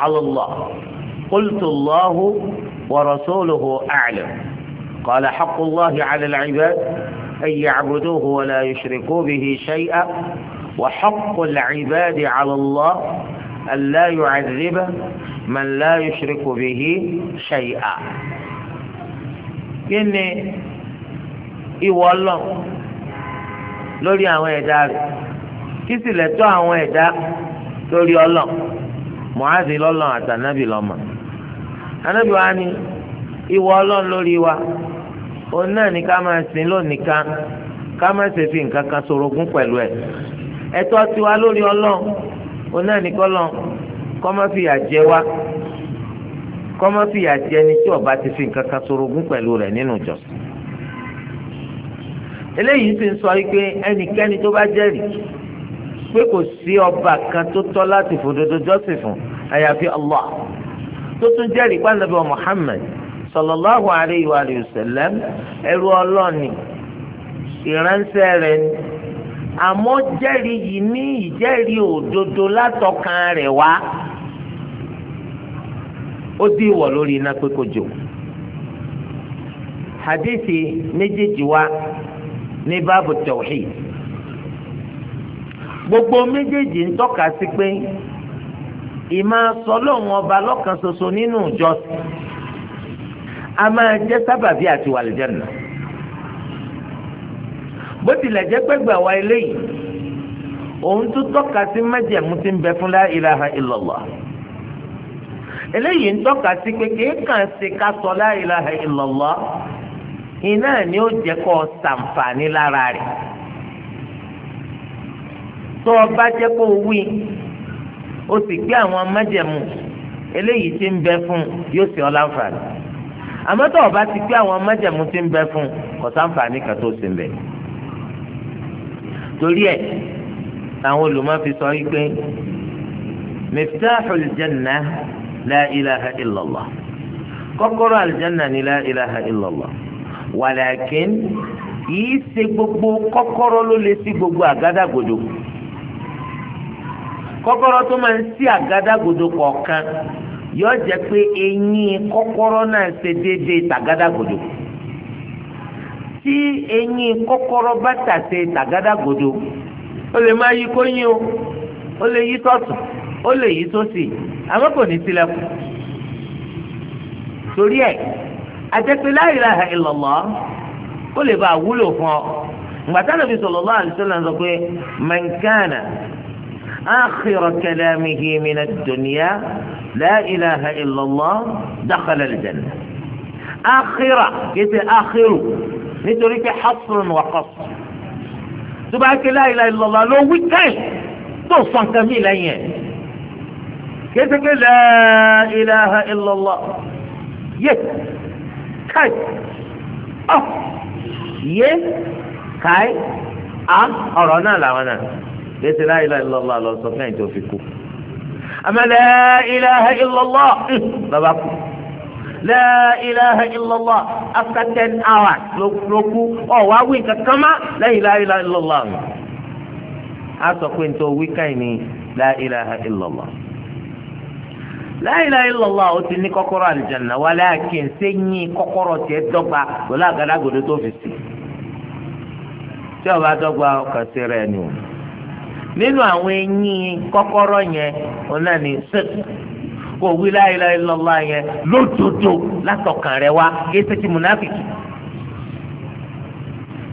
ala Allah qultu Allahu wa rasuluhu a'lam qala haqqu Allahi ala al-ibad an ya'buduhu wa la yushriku bihi shay'an wa haqqu al-ibadi ala Allah. allá yu'adhiba man la yushriku bihi shay'a kí ni ìwọ Ọlọ́run lórí àwọn ẹ̀dá rẹ̀ kí sì lẹ́tọ́ àwọn ẹ̀dá lórí Ọlọ́run mọ̀hádìí lọ́lọ́run àtànábì lọ́mọ ànábì wa ni ìwọ Ọlọ́run lórí wa òun náà ní ká máa sìn lónìí kan ká máa ṣe fi nǹkan kan ṣorogún pẹ̀lú ẹ̀ ẹ̀tọ́ tiwa lórí Ọlọ́run òun náà ní kọ́lọ̀ kọ́mọ́fìyà jẹ wá kọ́mọ́fìyà jẹ ni tí ọba ti fi nǹkan kan sorogún pẹ̀lú rẹ̀ nínú ìjọsìn. eléyìí ti ń sọ wípé ẹnikẹ́ni tó bá jẹ́rìí pé kò sí ọba kan tó tọ́ láti fòdodo jọ́sìn fún àyàfi Allah tó tún jẹ́rìí pàǹdàbọ̀ Muhammad sallallahu alayhi wa sallam ẹrú ọlọ́ọ̀ni ìránṣẹ́ rẹ̀ ni àmọ́ jẹ́rìí yìí ní ìjẹ́rìí òdodo látọkàn rẹ̀ wá ó dí ìwọ̀ lórí iná pé kò jò hadithi méjèèjì wá ní báàbù tawhid gbogbo méjèèjì ń tọ́ka sí pé ìmọ̀ sọlọ́run ọba lọ́kan ṣoṣo nínú ìjọsìn a máa jẹ́ sábàbí àti wàlìjẹ́ náà. bó tilẹ̀ jẹ́ pé gbà wá eléyìí òun tọ́ka sí májẹ̀mú ti ń bẹ fún ilaha eléyìí ń tọ́ka sí pé kéèkàn ṣe ká sọ la ilaha iná ni ó jẹ́ kó ṣàǹfààní lára rẹ̀ tó o bá jẹ́ kó o wí o sì gbé àwọn eléyìí ń bẹ fún yóò ọ́ láǹfààní àmọ́ tó o bá ti gbé àwọn ń bẹ fún kò torí ẹ̀ àwọn ma fi sọ wípé miftaaxul janna la ilaha illallah kọkọrọ aljanna ni la ilaha wàlàkín kìí ṣe gbogbo kọkọrọ ló lè ṣí gbogbo àgádágodo kọ́kọ́rọ́ tó máa ń ṣí àgádágodo kọ̀ọ̀kan yóò jẹ́ pé eyín náà ṣe déédéé tàgádágodo. tí eyín kọ́kọ́rọ́ bá tàṣe tàgádágodo ó lè máa yí kóyín o ó lè yí tọ̀tún ó lè yí sósì àmọ́ kò ní tilẹ̀kùn torí ẹ̀ àjẹpẹ́ la ilaha illallah ó lè bá wúlò fún ọ gbàtànà fi sallallahu alaihi wasallam sọ pé man kana akhira kalamihi min ad-dunya la ilaha illallah dakhala al-jannah akhira kìí ṣe akhiru nítorí pé hasrun wà kọ́sùn tó bá ké la ilaha illallah ló wí káì tó sọ nǹkan mi lẹ́yìn ẹ̀ kéékèèké la ilaha illallah yé káì ọ yé káì á ọ̀rọ̀ náà làwọn náà kéékèèké la ilaha illallah lọ sọ fẹ́yìntì òfin kú àmọ́ la ilaha illallah bàbá kú la ilaha illallah after ten hours ló kú ọ̀ wá wí kankan má lẹ́yìn la ilaha illallah a sọ pé nítorí wíkàì ni la ilaha illallah la ilaha illallah ó ti ní kọ́kọ́rọ́ àlùjánnà walakin sẹ́yìn kọ́kọ́rọ́ tiẹ̀ dọ́gba pẹ̀lú àgádágodo tó fi sí tí ó dọ́gba ọkàn sí rẹ̀ ni o nínú àwọn eyín kọ́kọ́rọ́ yẹn òun ni sèkì. kò wí la ilaha illallah yẹn lódodo látọkàn rẹ wá kí ẹsẹ ti múnáfìkì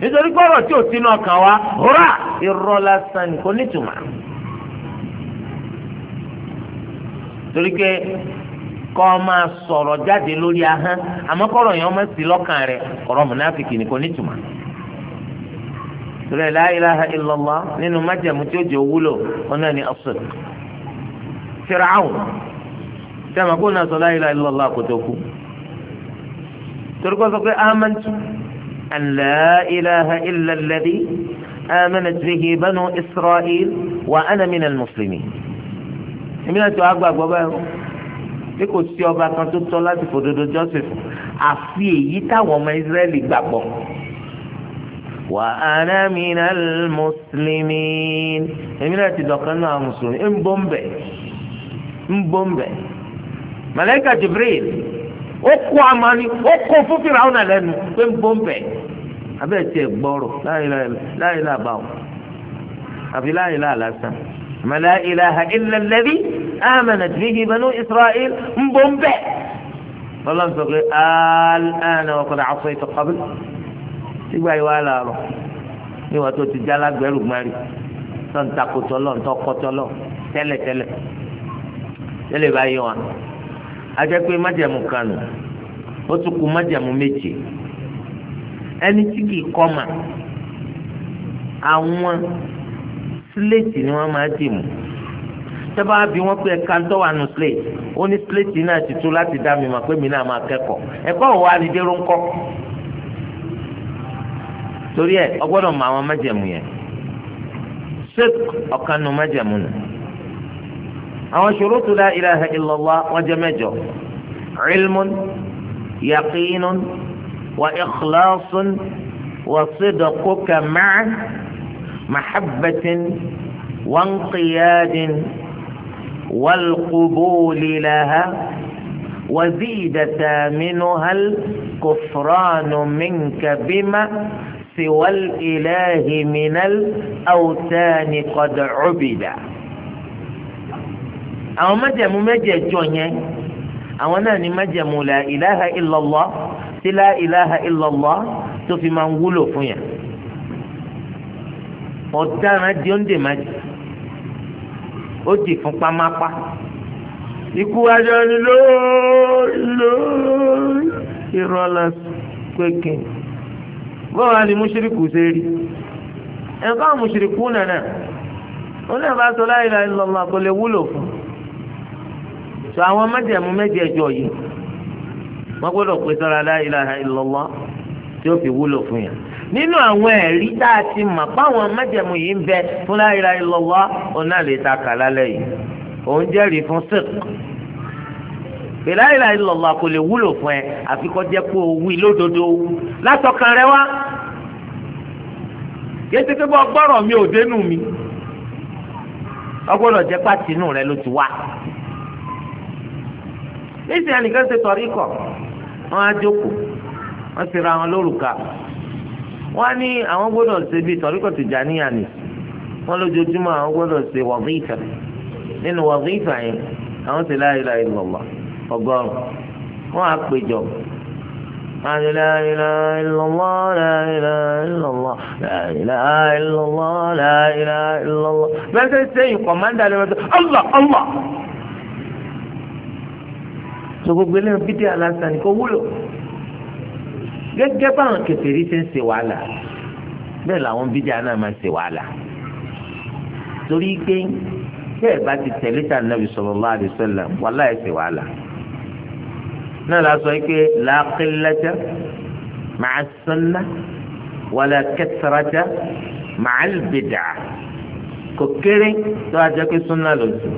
tí ò sínú ọkàn wa rà irọ́ lásán ni kò nítumọ̀ torí pé kọ́ máa sọ̀rọ̀ jáde lórí ahán àmọ́ kọ́rọ̀ yẹn ọmọ sí lọ́kàn rẹ̀ ọ̀rọ̀ mùnáfìkì ni kò nítumọ̀ nínú májẹ̀mú tí sẹ́wọ̀n kó náà sọ la ilaha illallah àkótó kú torí kó sọ pé amantu an la ilaha illa alladhi amanat bihi banu isra'il wa ana minal muslimin èmi náà tó agbàgbọ́ báyìí bí kò sí ọba kan tó tọ́ láti fòdodo joseph àfi èyí táwọn ọmọ israẹli gbàgbọ́ wa ana minal muslimin èmi náà ti dọ̀kan náà mùsùlùmí ń bọ́ ń bẹ̀ ń bọ́ ń bẹ̀ màláíkà Jibril ó kó amani ó kó fún Fíráúnà lẹ́nu pé ń bọ́ ń bẹ̀ abẹ́ẹ̀ tiẹ̀ gbọ́rọ̀ láìláìlá bá wọn àfi láìláìlá lásán màláìláha illa alladhi amanat bihi banu Isra'il ń bọ́ ń bẹ̀ lọ́lọ́ sọ pé alẹ́ wọn kọ́ni àfọ ètò kọ́bí sígbà yìí wà láàrọ̀ ní ajẹ́ pé májẹ̀mú kanu ó tún kù májẹ̀mú méje ẹni tí kì í àwọn ni wọ́n máa dì mú tẹ́bá bí wọ́n pé ẹ̀ka ń tọ́wọ́ àánú ó ní síléètì náà ti láti dá mi mà pé mi náà máa kẹ́kọ̀ọ́ ẹ̀kọ́ òwò àdìdéró ń kọ́ torí ẹ ọgbọ́dọ̀ mọ àwọn májẹ̀mú yẹn ṣé أو شروط لا إله إلا الله وجمجه علم يقين وإخلاص وصدقك مع محبة وانقياد والقبول لها وزيد ثامنها الكفران منك بما سوى الإله من الأوثان قد عبدا àwọn májẹ̀mú jọ yẹn àwọn náà ní májẹ̀mú la ilaha illallah sí la ilaha illallah tó fi máa ń wúlò fún yẹn ọ̀daràn di oúnjẹ májì ó di fún pamápá ikú ajọ ni ìrọ̀lá pékin ni mùsùlùkù ṣe rí ẹ̀ka mùsùlùkù nànà ó náà bá sọ la kò lè wúlò tó àwọn májẹ̀mú mẹ́jẹ̀ẹ̀jọ yìí wọ́n gbọ́dọ̀ pé sọ́ra la ilaha tí ó fi wúlò fún yàn nínú àwọn ẹ̀rí tá a ti mọ̀ páwọn yìí ń bẹ fún la ilaha òun náà lè ta kàlá lẹ́yìn òun jẹ́rìí fún sèk pé la ilaha kò lè wúlò fún ẹ àfikọ́ jẹ́ pé o wí látọkàn rẹ wá bọ́ gbọ́rọ̀ mi ò dénú nísìnyí ẹnìkan ṣe tọ̀rí kọ̀ wọ́n á jókòó wọ́n ti ra wọn lórúkà wọ́n á ní àwọn gbọ́dọ̀ ṣe bíi tọ̀rí kọ̀ Tìjàníyà ni wọ́n lójoojúmọ́ àwọn gbọ́dọ̀ ṣe wàzífà nínú wàzífà yẹn àwọn ṣe la ilaha illallah ọgọ́rùn wọ́n á péjọ la ilaha illallah la ilaha illallah la ilaha illallah la ilaha illallah bẹ́ẹ̀ sẹ́yìn kọ̀mándà lẹ́wọ̀n tó Allah Allah so gbogbo eléyìí fídíò alásán ni kò wúlò gẹ́gẹ́ báwọn kèfèrí ṣe ń ṣe wàhálà bẹ́ẹ̀ làwọn bídíò náà máa ń ṣe wàhálà torí pé tẹ́ ẹ̀ bá ti tẹ̀lé ta nàbì sallallahu alaihi wasallam wàhálà ẹ̀ ṣe wàhálà náà la sọ pé la qillata ma'a sunnah wala kathrata màálì kò kéré tó a jẹ pé súnà lòsì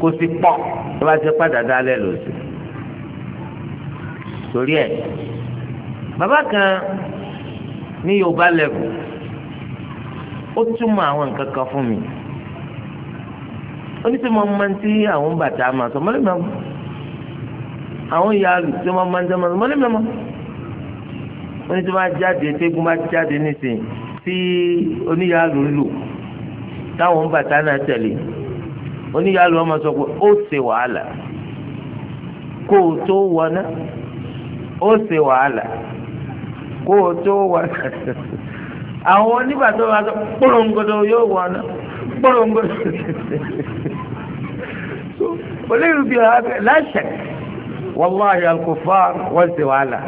kò sì pọ̀ tó a jẹ pé dàda alẹ́ torí ẹ̀ bàbá kan ní yorùbá lẹ́kù ó túmọ̀ àwọn nǹkan kan fún mi oníṣẹ́ máa ń máa ń tí àwọn bàtà máa sọ mọ́lẹ́ mẹ́mọ́ àwọn ìyá tí wọ́n máa ń tẹ́ máa sọ mọ́lẹ́ mẹ́mọ́ oníṣẹ́ máa jáde tẹ́gun máa jáde nísìnyí tí oníyàlú lò táwọn bàtà náà tẹ̀lé oníyàlú ọmọ sọ pé ó ṣe wàhálà kó o tó wọná ó ṣe wàhálà kó o tó wà àwọn onígbà tó wà kpọ̀lọ́ngodo yóò wọ̀ ọ́nà kpọ̀lọ́ngodo olóyún bí wàá fẹ́ láṣẹ wàláhi alukófà wọ́n ṣe wàhálà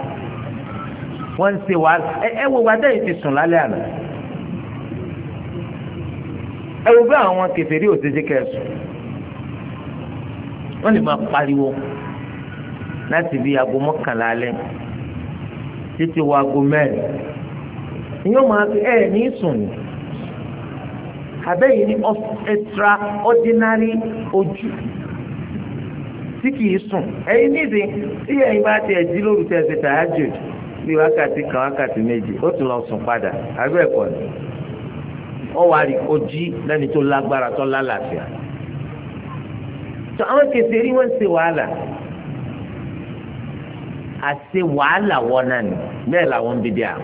wọ́n ṣe wàhálà ẹ wo wàdá yìí ti sùn lálẹ́ àná ẹ wo bí àwọn kẹfẹ́ rí òṣèṣe kẹsùn wọ́n lè máa pariwo láti bí aago mọ́kànlá alẹ́ títí wọ aago mẹ́rin ìyẹn máa fi ẹ̀ ní sùn ní abẹ́yìí ní extraordinary ojú tí kìí sùn ẹ̀yin níbi tí ẹ̀yin bá tiẹ̀ jí lóru tẹ̀ ṣe tàájò bí wákàtí kan wákàtí méjì ó tún lọ sùn padà àbẹ́ ẹ̀kọ́ ni ó wà rí ojí lẹ́ni tó lágbára tó lálàáfíà àwọn kẹsẹ̀ rí wọ́n ń ṣe wàhálà àṣe wàhálà wọn náà ni bẹ́ẹ̀ làwọn bídí à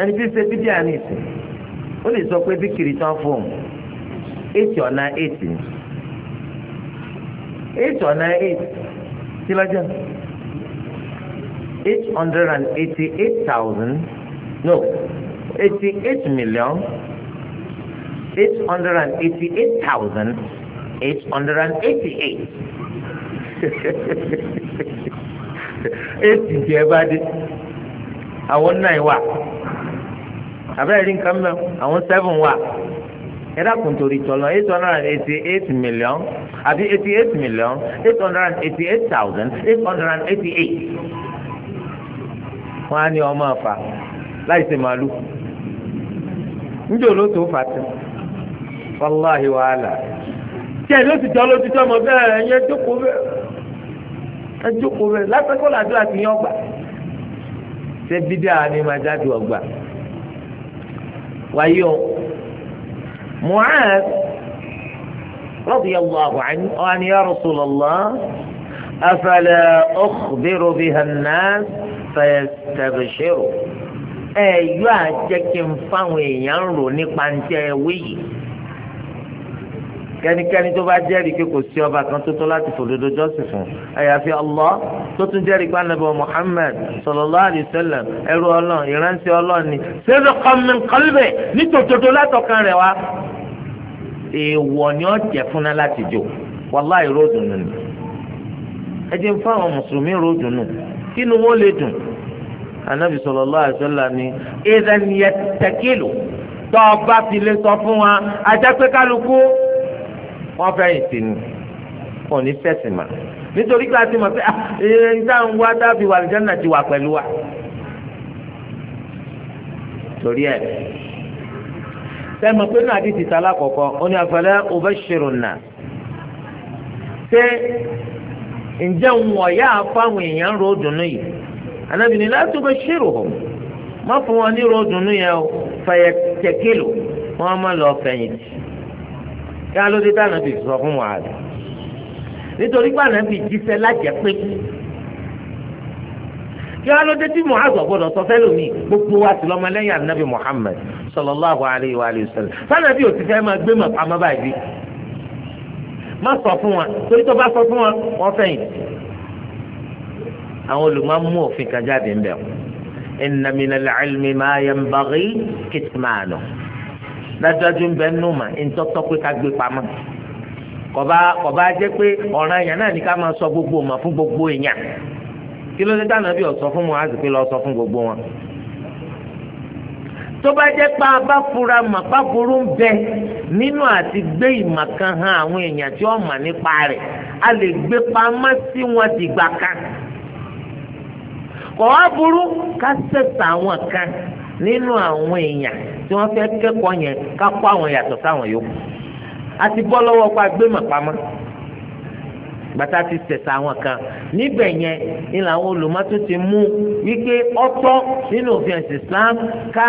ẹni tí ń ṣe bídí à ní ìsìn ó lè sọ pé zikiri tán fóun eight ọ̀nà eight eight ọ̀nà eight tí lọ́jọ́ eight hundred and eighty eight thousand no eighty eight million eight hundred and eighty eight thousand eight hundred and eighty eight. *laughs* eighty ti ẹ bá dé àwọn nine wà àbẹ́rẹ́ rí nǹkan mọ́ àwọn seven wà ẹ dákun torí tọ́lọ́ eight hundred and eighty eight million àbí eighty eight million eight hundred and eighty eight thousand eight hundred and eighty eight wọ́n á ní ọmọ àfà láì ṣe màálù níjẹ́ olóòtú fàtí wàláhi wàhálà tí ẹ̀ ló ti jọ́ lójútọ́ ọmọ bẹ́ẹ̀ ẹ̀yẹ jókòó bẹ́ẹ̀. ẹ jókòó rẹ lásìkò làdúrà ti yàn ọgbà ṣé bídà ni máa jáde ọgbà wáyé o Mu'adh radiyallahu anhu ọ̀hán ya Rasulullah afala ukhbiru biha an-nas fayastaghshiru ẹ yọ àjẹkí ń fáwọn èèyàn rò nípa ń tẹ ẹ wéyìí kẹ́nikẹ́ni tó bá jẹ́rìí pé kò sí ọba kan tó tó láti fòdodo jọ́sìn fún àyàfi Allah tó tún jẹ́rìí pé anabi Muhammad sallallahu alayhi wa sallam ẹrú Ọlọ́run ìránṣẹ́ Ọlọ́run ni sidqan min qalbi ní tòtòtò látọkàn rẹ̀ wá. èèwọ̀ ni ó jẹ́ fúnná láti jò wàláì ròdùn nù ni. ẹ jẹ́ ń fáwọn mùsùlùmí ròdùn nù kí ni wọ́n lè dùn. anabi sallallahu alayhi wa sallam ni idhan yattakilu tọ́ ọba fi lè sọ fún wa ajá wọ́n fẹ̀yìntì ni wọn ò ní sẹ̀sìn mà nítorí pé a ti mọ̀ pé ẹ̀ẹ́dẹ́ ah, ń dáhùn wá dábì wà lìjánà ti wà pẹ̀lú wa. torí ẹ̀ sẹ́mi pé náà ti tìta lákọ̀ọ́kọ́ ó ní afẹ́lẹ́ òbẹ́ṣirò nà ṣé ǹjẹ́ ń wọ̀ yá fáwọn èèyàn ro dùnú yìí anábìnrin láti òbẹ́ṣirò hàn má fún wọn ní ro dùnú yẹn o fẹ̀yẹ̀ tẹ̀kílò wọ́n má lọ fẹ̀yìntì kí alóde dáná ti sọ fún wa rẹ nítorí pé ànábì jíṣẹ́ lájẹ pé kí alóde tí muhammed gbọ́dọ̀ sọ fẹ́ lómi gbogbo wa ti lọ́mọlẹ́yìn ànábì muhammed sallallahu alayhi wa sallam sanabi ò ti fẹ́ máa gbé màpá má báyìí má sọ fún wa torí tó bá sọ fún wa wọ́n fẹ̀yìn àwọn olùmọ̀mú òfin kan jáde ń bẹ̀ ẹ̀ nàmínà làálùmí máa yẹn bàgì kìtìmánu dájúdájú ń bẹ nínú mà ntọ́tọ́ pé ká gbé pamọ́ kọba kọba jẹ́ pé ọ̀ràn èèyàn náà ní ká máa sọ gbogbo mà fún gbogbo èèyàn kí ló dé dáná bí ọ̀sọ́ fún muhazi pé lọ́ọ́ sọ fún gbogbo wọn. tó bá jẹ́ pé a bá fura mà bá burú ń bẹ nínú àti gbé ìmọ̀ kan hàn àwọn èèyàn tí wọ́n mà nípa rẹ̀ a lè gbé pamọ́ sí wọn dìgbà kan kọ̀ wá burú ká sẹ̀sà àwọn kan nínú àwọn èèyàn tí wọ́n fẹ́ kẹ́kọ̀ọ́ yẹn ká kó àwọn yàtọ̀ sáwọn yòókù a ti bọ́ lọ́wọ́ pa gbé mọ̀ pamọ́ gbàtà ti tẹ̀sà àwọn kan níbẹ̀ yẹn ni làwọn olùmọ́tò ti mú wípé ọ̀tọ̀ nínú òfin ẹ̀sìn Islam ká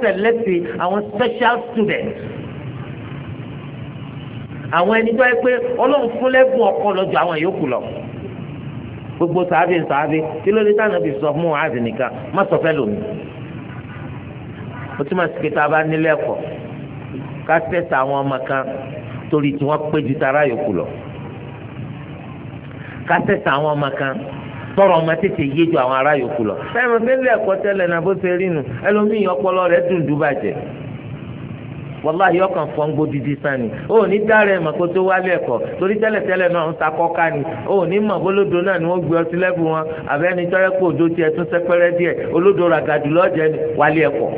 sẹ̀lẹ́tì àwọn special students àwọn ẹni tó yẹ pé ọlọ́run fún lẹ́bùn ọkọ lọ́jọ́ àwọn yòókù lọ gbogbo sàábì sàábì kí ló dé tànà bí sọ fún wàhálà nìkan má sọ fẹ́ lómi mo túmọ̀ sí pé tá a bá nílé ẹ̀kọ́ ká tẹ̀sà àwọn ọmọ kan torí tí wọ́n pé ju tara yòókù lọ ká tẹ̀sà àwọn ọmọ kan tọrọ ọmọ tètè yé ju àwọn ará yòókù lọ. ẹnu fi ń lé ẹ̀kọ́ tẹ́lẹ̀ náà bó ṣe rí nu ẹlòmíì ọpọlọ rẹ̀ dùn dùn bàjẹ́ wàláhì ọkàn fọ́ngbó didi sani ó ní dára ẹ̀ kó tó wálé ẹ̀kọ́ torí tẹ́lẹ̀tẹ́lẹ̀ náà ń sakọ́ ká ni ó ní mọ̀ bólódó náà ni wọ́n gbé ọtí lẹ́bù wọn àbẹ́ni tọ́rẹ́pọ̀ òdó tiẹ̀ tún sẹ́pẹ́rẹ́ díẹ̀ olódó ràgàdù lọ́jẹ́ wálé ẹ̀kọ́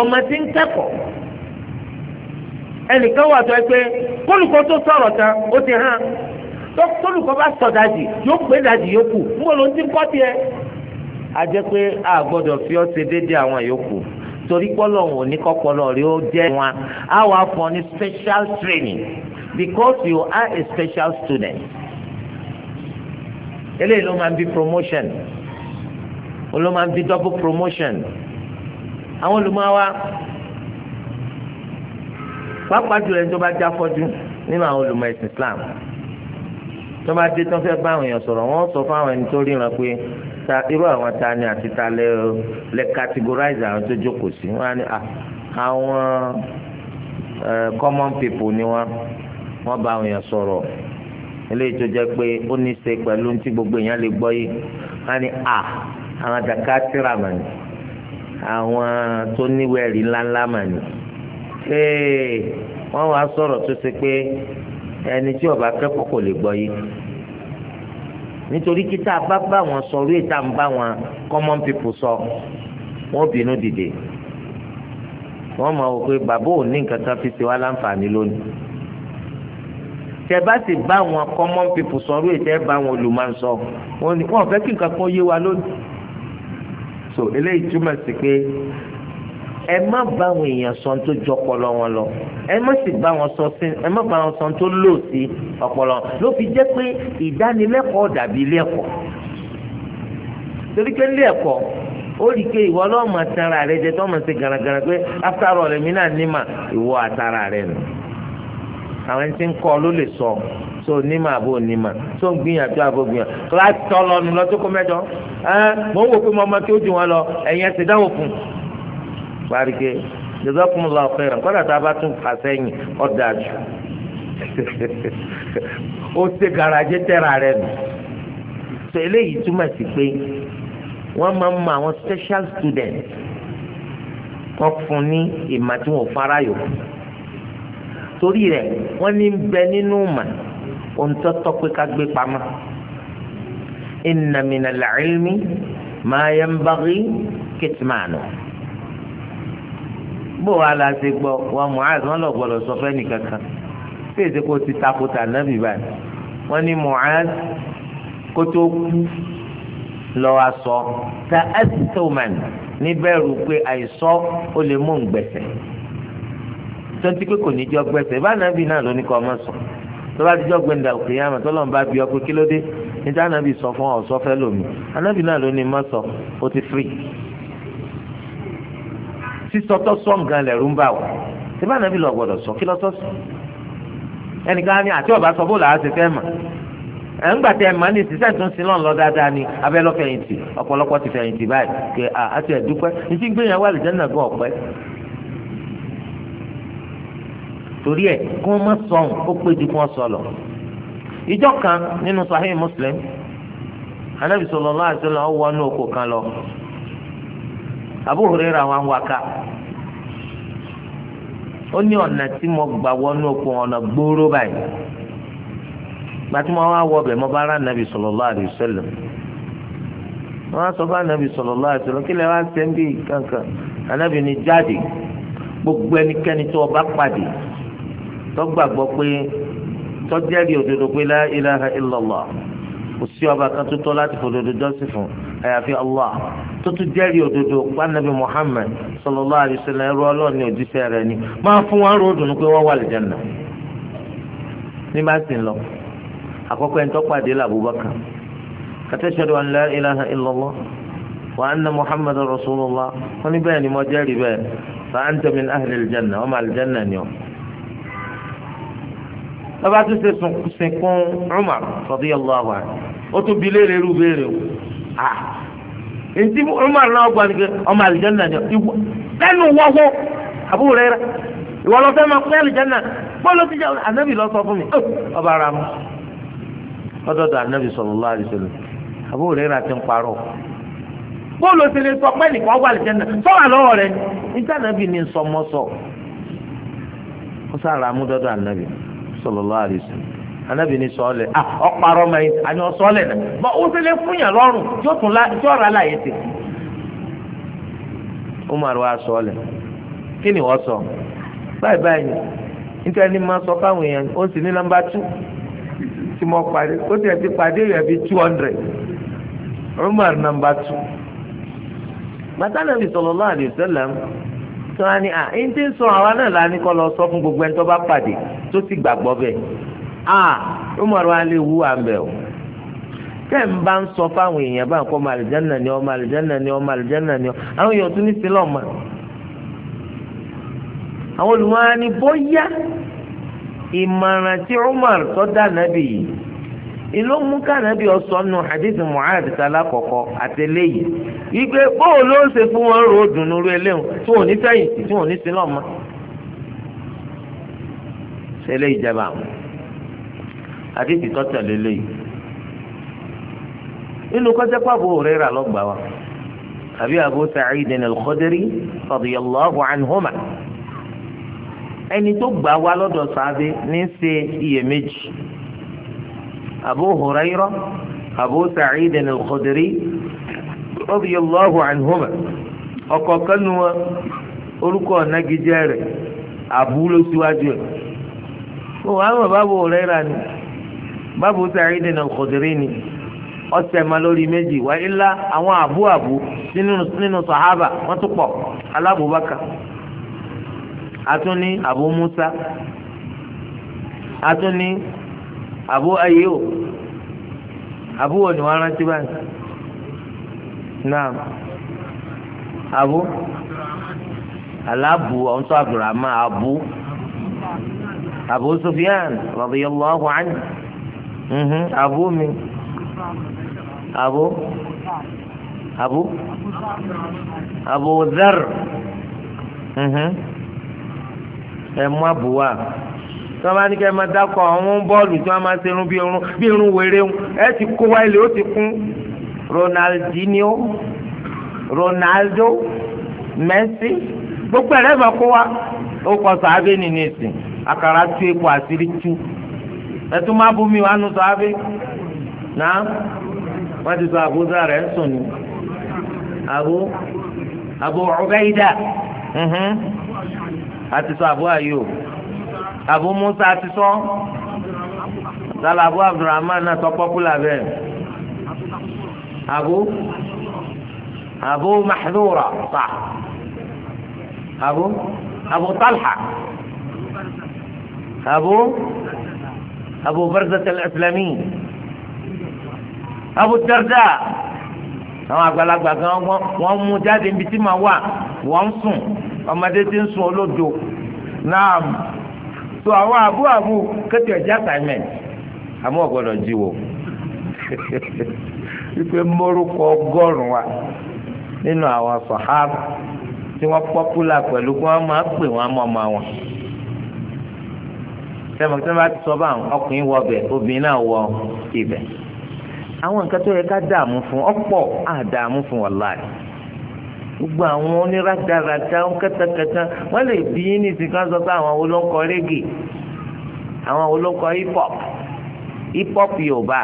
ọmọ tí ń kẹ́kọ̀ọ́ ẹnìkan wà tó ẹ pé kólùkọ́ tó sọ̀rọ̀ tán ó ti hàn tólùkọ́ bá sọ dajì yóò pé dajì yòókù ńgbò ló ń ti kọ́ tiẹ̀. a jẹ́ pé a gbọ́dọ̀ fi ọ́ ṣe déédéé àwọn yòókù torí pọ́lọ̀ ò ní kọ́pọ́lọ́ rí ó jẹ́ wọn a wà fún ọ ní special training because you are a special student. eléyìí ló máa ń bí promotion ó ló máa ń bí double promotion àwọn olùmọ̀wá pápá jùlọ ẹni tó bá já fọ́jú nínú àwọn olùmọ̀ ẹ̀sìn Islam tó bá dé tó fẹ́ bá àwọn èèyàn sọ̀rọ̀ wọ́n sọ fún àwọn ẹni tó ríran pé ta irú àwọn ta ni àti ta lẹ lẹ categorize àwọn tó jókòó sí wọn á ní ah, àwọn common people ni wọn wọn bá àwọn èèyàn sọ̀rọ̀ eléyìí tó jẹ́ pé ó ní í ṣe pẹ̀lú ní ti gbogbo èèyàn lè gbọ́ yìí wọn á ní à ah, àwọn àdàkà tìràmà ni àwọn tó níwẹ̀ẹ́rì ńláńlá mà ní. ee wọ́n wá sọ̀rọ̀ tó ṣe pé ẹni tí ọba kẹ́kọ̀ọ́ kò lè gbọ́ yìí nítorí kí tá a bá bá wọn sọ orí ìta ń bá wọn common people sọ wọ́n bínú dìde wọ́n mọ̀ wò pé bàbá ò ní nǹkan kan fi ṣe wá láǹfààní lónìí tẹ̀bá sì bá wọn common people sọ orí ìta ẹ̀ bá wọn olùmọ̀ sọ wọ́n fẹ́ kí nǹkan kan yé wa lónìí so eléyìí túmọ̀ sí pé ẹ má bá àwọn èèyàn sọ tó jọ ọpọlọ wọn lọ ẹ má sì bá wọn sọ sí ẹ má bá wọn sọ tó lò sí ọpọlọ ló fi jẹ́ pé ìdánilẹ́kọ̀ọ́ dàbí ilé ẹ̀kọ́ torí pé ilé ẹ̀kọ́ ó rí i pé ìwọ lọ́ọ́ máa tara rẹ jẹ tó máa ṣe garagara pé after all èmi náà ní mà ìwọ àtara rẹ nù àwọn ẹni tí ń kọ́ ló lè sọ so onímọ̀ àbò onímọ̀ tó ń gbìyànjú àbò gbìyànjú kíláàsì tọ́ lọ́nu lọ tó kó mẹ́jọ ẹ mọ̀ ń wò pé mo ọmọ tí ó jù wọn lọ ẹ̀yin ẹ̀sìn dáwọ̀ fún un. parike jazakumullahu khairan kọ́dà tá a bá tún fà sẹ́yìn ọ̀ dájú *laughs* ó ṣe garaje tẹ́ra rẹ̀ nù so eléyìí túmọ̀ sí pé wọ́n máa ń mọ àwọn special students wọ́n fún ní ìmọ̀ tí wọ́n fara yòókù torí rẹ̀ wọ́n ní bẹ nínú mà òǹtọ́tọ́ pé ká gbé pamọ́ inna min al-ilmi ma yanbaghi kitmanu bó wa la ṣe gbọ́ wa Mu'az wọn lọ gbọ́dọ̀ sọ fẹ́ nìkankan tí èsì kò ti takùtà nábì báyìí wọ́n ní Mu'az kó tó kú lọ́wọ́ sọ ta ẹ́sítọ́mẹ̀n níbẹ̀rù pé àìsọ́ ó lè mú un gbẹ̀sẹ̀ tó ń ti pé kò ní jọ gbẹsẹ̀ bá nàbì náà ló ní kọ́ ọmọ sùn tó bá ti jọ gbẹ̀ndà òkè yàmà tó lọ́n bá bí ọ pé kí ló dé níta ànábì sọ fún ọ sọ fẹ́ lómi ànábì náà ló ní mọ́ sọ ó ti firi sísọ tó sọ nǹkan lẹ̀rú ń bà wá tí bá nàbì lọ gbọ́dọ̀ sọ kí lọ sọ sọ ẹnìkan ni àti ọba sọ bó làá ṣe fẹ́ mà ẹ̀ǹgbà tẹ ẹ̀ma ní ìsísẹ́ tó ń sin lọ́n lọ dáadáa ni abẹ́lọ́ fẹ̀yìntì ọ̀pọ̀lọpọ̀ ti fẹ̀yìntì báyìí kẹ àti ẹ̀dúpẹ́ ní ti gbé yẹn wà lìjẹ́ nàgbọ́ ọ̀pẹ́ torí ẹ kí wọn má sọ ọ ó pé ju lọ. ìjọ kan nínú sahih muslim anabi sallallahu alaihi wasallam ọwọ inú oko kan lọ Abu ra wọn wá ká ó ní ọ̀nà tí mo gbà wọnú oko ọ̀nà gbòòrò báyìí gbàtí mo wá wọ bẹ̀ mo bá rà anabi anabi kankan anabi ni jáde gbogbo ẹnikẹ́ni tó o bá tọ́gbàgbọ́ pé tọ́jẹ́rì òdodo pé la ilaha illallah kò sí ọba kan tó tọ́ láti fòdodo jọ́sìn fún àyàfi allah tó tún jẹ́rìí òdodo pànàbí muhammed sallallahu alaihi wasallam ẹrú ọlọ́ọ̀ni òjíṣẹ́ rẹ̀ ni máa fún wọn ròdù ní pé wọ́n wà lè jẹ́nà ní bá sì ń lọ àkọ́kọ́ ẹni tó pàdé làbúbákà katashhadu an la ilaha illallah wa anna muhammed rasulullah wọn ní bẹ́ẹ̀ ni mo jẹ́rìí bẹ́ẹ̀ fa anta min ahli aljanna wa ma aljanna ni o. lọ́ba tún ṣe sìnkún ó tún bi léèrè irú béèrè o náà ọmọ àlìjánná ni ìwọ lẹ́nu wọ́wọ́ àbúrò rẹ rẹ ìwọ lọ fẹ́ máa àlìjánná bọ́ọ̀lù ti jẹ́ ànábì lọ sọ fún mi ọba ara mu ànábì àbúrò rẹ rẹ ti ń bọ́ọ̀lù ti lè sọ nìkan àlìjánná sọ́wà lọ́wọ́ rẹ ni sallallahu alaihi wasallam anabi ni a ah, ọkparọ ma yi ani ọsọọlẹ nà mọ wosele fúnyà lọrùn yóò tún la yóò rà láyé tè umar wa sọọlẹ kí ni wọ́n sọ báyìí báyìí níta ni ma sọ fáwọn èèyàn ó sì ní nọ́mbà tú tí mo pàdé ó tẹ̀ ti pàdé yẹn bí two hundred umar nọ́mbà tú bàtà nàbì sallallahu alaihi tí wọ́n á ní à ń tí ń sọ àwa náà lánìí kọ́ lọ sọ fún gbogbo ẹni tó bá pàdé tó sì gbàgbọ́ bẹ́ẹ̀ à Umar wa lè wú àmbẹ̀ o tẹ́ ń bá ń sọ fáwọn èèyàn bá ń kọ́ màlìjánà ni ọ màlìjánà ni ọ màlìjánà ni ọ àwọn èèyàn tún ní sílọ̀ mọ́ àwọn olùmọ̀ á ní bóyá ìmọ̀ràn tí Umar tó dá nàbì yìí ìlú mú kànábì ọ̀sọ́nù hadith muhammed sallá kọ̀kọ́ àtẹlẹ́yìn wípé bóò ló ń ṣe fún wọn ro dùnú ru eléhùn tí wọn ò ní sẹ́yìn tí wọn ò ní sílọ̀ mọ́. ṣẹlẹ̀ ìjẹba àwọn hadith tọ́tẹ̀lé lẹ́yìn nínú kọ́sẹ́pọ̀ àbò rẹ̀ lọ́gbà wa àbí Abu Sa'id al-Khudri anhuma ẹni tó gbà wá lọ́dọ̀ sáadé ní í ṣe iyèméjì. أبو هريرة أبو سعيد الخدري رضي الله عنهما أقاقنوا أرقى نججار أبو لسواجه وأما بابو هريرة بابو سعيد الخدري ọsẹ ma lórí méjì wà ilá àwọn àbú àbú nínú sàhábà wọn tún pọ̀ alábùbákà atúní àbú musa atúní àbú ayé o àbú wọ̀ ni wọ́n rántí báyìí náà àbú aláàbù ọ̀ntọ́ abdulrahman àbú àbú Sufyan radiyallahu anhu àbú mhm, mi àbú àbú àbú Dharr mhm. ẹ̀ mú tí wọ́n bá ní kẹ́ ẹ máa dákọ̀ àwọn bọ́ọ̀lù tí wọ́n máa ṣe irun bí irun bí irun wèrè ń ẹ ti kó wá ilé ó ti kún Ronaldinho Ronaldo Messi gbogbo ẹ̀rẹ́ máa kó wá ó kọ sàábé nínú ìsìn àkàrà tú epo àṣírí tú ẹtún má bú mi wá nù sàábé náà wọ́n ti sọ àbúzá rẹ̀ ń sùn ní àbú àbú Ubaida àti sọ àbú ayò. Abu Musa ti sọ sálà Abu Abdulrahman náà tọ́ pọ́pùlà bẹ́ẹ̀ Abu Abu Mahdura sà Abu Abu Talha Abu Abu Barzata al-Islami Abu Darda àwọn àgbàlagbà kan wọ́n mú jáde níbi tí màá wà wọ́n ń sùn ọmọdé ti ń sùn olódo náà. so àwọn àbú àbú kẹtì ọjà assignment àmọ́ ọ̀gbọ́dọ̀ wo *laughs* wípé mórúkọ ọgọ́rùn wa nínú àwọn sọhábà tí wọ́n pọpúlà pẹ̀lú kí wọ́n máa pè wọ́n mọ ọmọ wọn sẹ́mi tí wọ́n bá ti sọ bá ọkùnrin wọ ọbẹ̀ obìnrin náà wọ ibẹ̀ àwọn nǹkan tó yẹ gbogbo àwọn oníradàradà kẹtẹkẹtẹ wọn lè bí yín ní ìsìnká sọ pé àwọn wo ló ń kọ reggae àwọn wo ló ń kọ hip hop hip hop yorùbá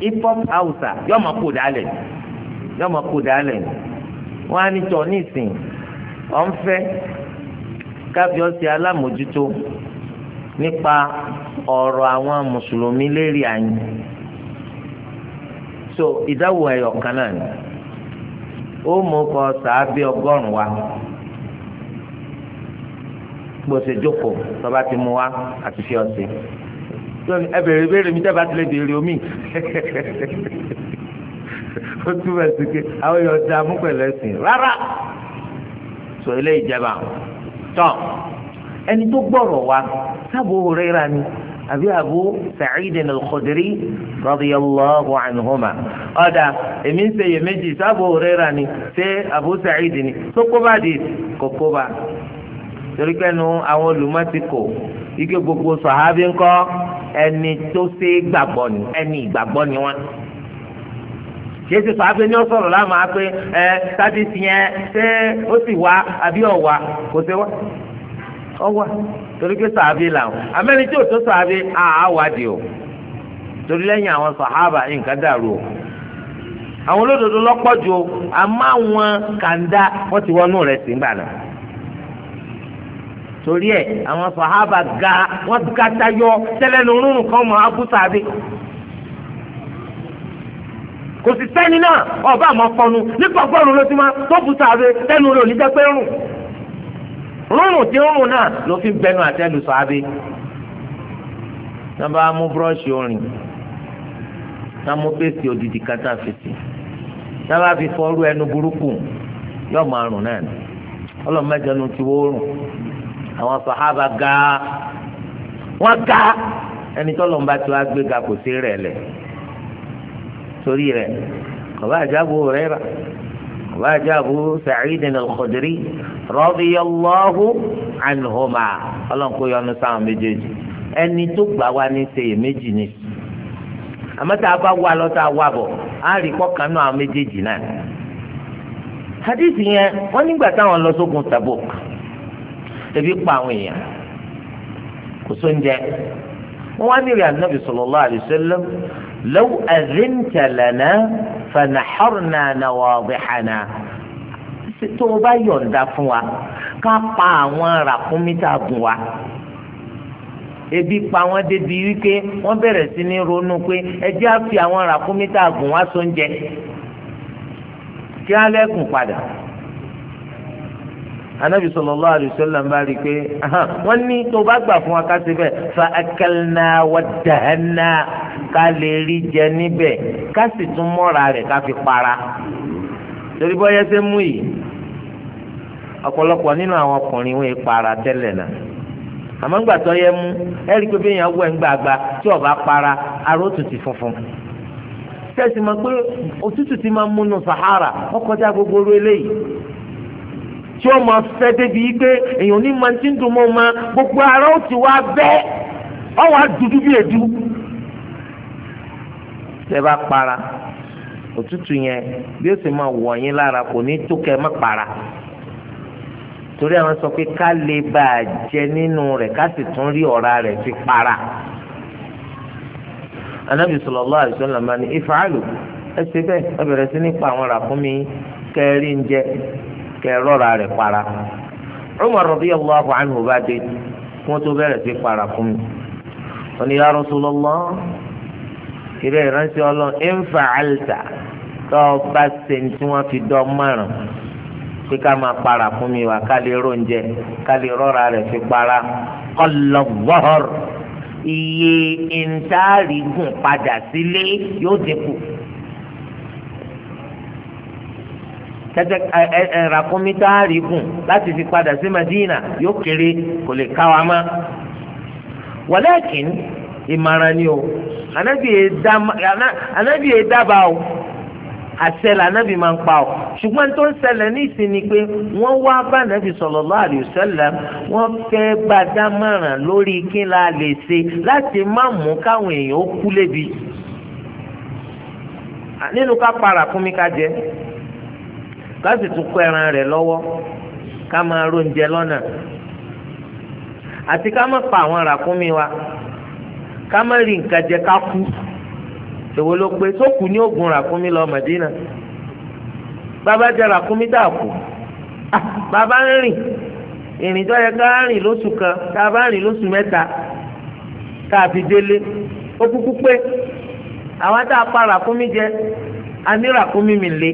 hip hop hausa yóò máa kó dálẹ̀ yóò máa kó dálẹ̀ wọn á ní ní ìsìn wọn fẹ́ alámòjútó nípa ọ̀rọ̀ àwọn mùsùlùmí lérí àyìn so ìdáwò ẹ̀yọ̀ kan náà ni ó mú kọ sàábì ọgọ́rùn wa bó ṣe jókòó tọ́ba ti mú wa àti fi ọ̀sẹ̀ tóni ẹ bèrè ìbéèrè mi tẹ́ bá tilẹ̀ bèrè omi ó túbọ̀ sí pé àwọn èèyàn ti amú pẹ̀lú ẹ̀sìn rárá sọ ilé ìjẹba tán ẹni tó gbọ́rọ̀ wa sábò rẹ́ra ni àbí Abu Sa'id al-Khudri radiyallahu anhuma ọ̀dà èmi ń ṣe iyèméjì sábò rẹ́ra ni ṣé Abu Sa'id ni tó kóbá di kókóbá torí pẹ́nu àwọn olùmọ́tìkò ike gbogbo sàhábí ńkọ́ ẹni tó ṣe gbàgbọ́ ni ẹni ìgbàgbọ́ ni wọ́n yéésì fàáfin ni ó sọ̀rọ̀ láàmú àpé ẹ sábì tiẹ̀ ṣé ó sì wá àbí ọ̀wà kò ṣe wá ọwà torí pé sàábì làwọn amẹ́ni tí ò tó sàábì àáwádìí o torí lẹ́yìn àwọn sàhábà nǹkan dàrú o àwọn olódodo lọ́pọ̀ ju o àmọ́ àwọn kàńdá wọ́n ti wọnú rẹ̀ sí gbà náà torí ẹ̀ àwọn sàhábà ga wọ́n ga tayọ tẹ́lẹ̀nu rúrùn kan mọ́ abú sàábì kò sì sẹ́ni náà ọba àmọ́ fọnu nípa gbọ́rùn ló ti máa tó bu sàábì tẹ́nu rẹ̀ ò ní jẹ́ pé rùn rúnrún tí rúnrún náà ló fi bẹnu àtẹ́lu sọ abẹ náà bá mú búrọ́ọ̀ṣì orin náà mú pèsè odidi kátà fèsì náà bá fi fọ́ọ́rú ẹnu burúkú yóò máa rùn náà ni ọlọ́mọdé nu ti wó rùn àwọn sàhábà ga wọ́n ga ẹni tó lọ́nba tí wàá gbé ga kò sí rẹ̀ lẹ̀ torí rẹ̀ bàbá àjàgbó rẹ̀ rà wájà abu sa'id al-khudri radiyallahu anhuma ọlọ́nkó yọnu sáwọn méjèèjì ẹni tó gbà wá ní sèyí méjì ni àmọ́ tá a bá wà lọ tá a wà bọ̀ á rí kọ́kan náà àwọn méjèèjì náà hadithi yẹn wọ́n nígbà táwọn lọ sógun Tabuk ebi pa àwọn èèyàn kò sóúnjẹ wọ́n wá nílẹ̀ ànábì sallallahu alaihi wasallam لو أذنت لنا فنحرنا نواضحنا tó o bá yọ̀ǹda fún wa ká pa àwọn ràkúnmí tá a wa ebi pa wọn débi wípé wọn bẹ̀rẹ̀ sí ní ronú pé ẹ á fi àwọn anabi sallallahu alaihi wasallam bá rí i pé wọn ní tó bá gbà fún wa ká ṣe bẹ́ẹ̀ fa akalna wa dahanna ká lè rí jẹ níbẹ̀ ká sì tún mọ́ra rẹ̀ ká fi para torí bọ́ yẹn ṣe mú yìí ọ̀pọ̀lọpọ̀ nínú àwọn ọkùnrin wọn para tẹ́lẹ̀ náà àmọ́ ńgbà tó yẹ mú ẹ rí i pé bí èèyàn wẹ̀ ń gbàgbà tí ó para aró tún ti funfun tẹ̀sí ma pé òtútù ti máa múnú sahara ọkọjá gbogbo orú eléyìí tí ó máa fẹ́ débi pé èèyàn ní máa ti ń dùn mọ́ ma gbogbo ara ó ti wá bẹ́ ọ wá dúdú bí èdú. tẹ bá para òtútù yẹn bí ó sì máa wọ̀ yín lára kò ní tó kẹ́ má para torí àwọn sọ pé ká lè bá a jẹ nínú rẹ̀ ká sì tún rí ọ̀rá rẹ̀ fi para anabi sallallahu alaihi wasallam ní ifealu ẹ ṣe bẹ́ẹ̀ ẹ bẹ̀rẹ̀ sí ní pa àwọn ràkúnmí kẹrin jẹ kẹrọra rẹ para Umar radiyallahu anhu bá dé wọn tó bẹ̀rẹ̀ sí para fún mi wọn ni ya Rasulullah kiri ìránṣẹ́ Ọlọ́run in fa'alta tó bá ṣe tí wọn fi dán márùn pé ká máa para fún mi wá ká lè róúnjẹ ká lè rọra rẹ fi para ọlọgbọhọr iye ìntaari padà sílé yóò dínkù. kẹtẹ ẹ ẹ ràkúnmí tá a rí gùn láti fi padà sí Madina yóò kéré kò lè ká wa mọ́ walakin ìmàràn ni o anabi yẹ e e dábàá o àṣẹ lànàbì máa ń pa ọ ṣùgbọ́n tó ń ṣẹlẹ̀ ní ìsìn ni pé wọ́n wá bá nàbì sallallahu alaihi wasallam wọ́n fẹ́ bá dámọ̀ràn lórí kí la lè ṣe láti má mú káwọn èèyàn ó kú lébi nínú ká para fún ká jẹ Kasi sì tún kó ẹran rẹ̀ lọ́wọ́ ká máa róúnjẹ lọ́nà àti ká má pa àwọn ràkúnmí wa ká má rí nǹkan jẹ ká kú èwo ló pé sókù ní oògùn ràkúnmí lọ Mẹdínà bàbá jẹ ràkúnmí dà kú ah, bàbá ń rìn ìrìn tó yẹ ká rìn lóṣù kan tá a bá rìn lóṣù mẹ́ta tá a fi délé ó kúkú pé àwọn tá a pa ràkúnmí jẹ a ní ràkúnmí mi lé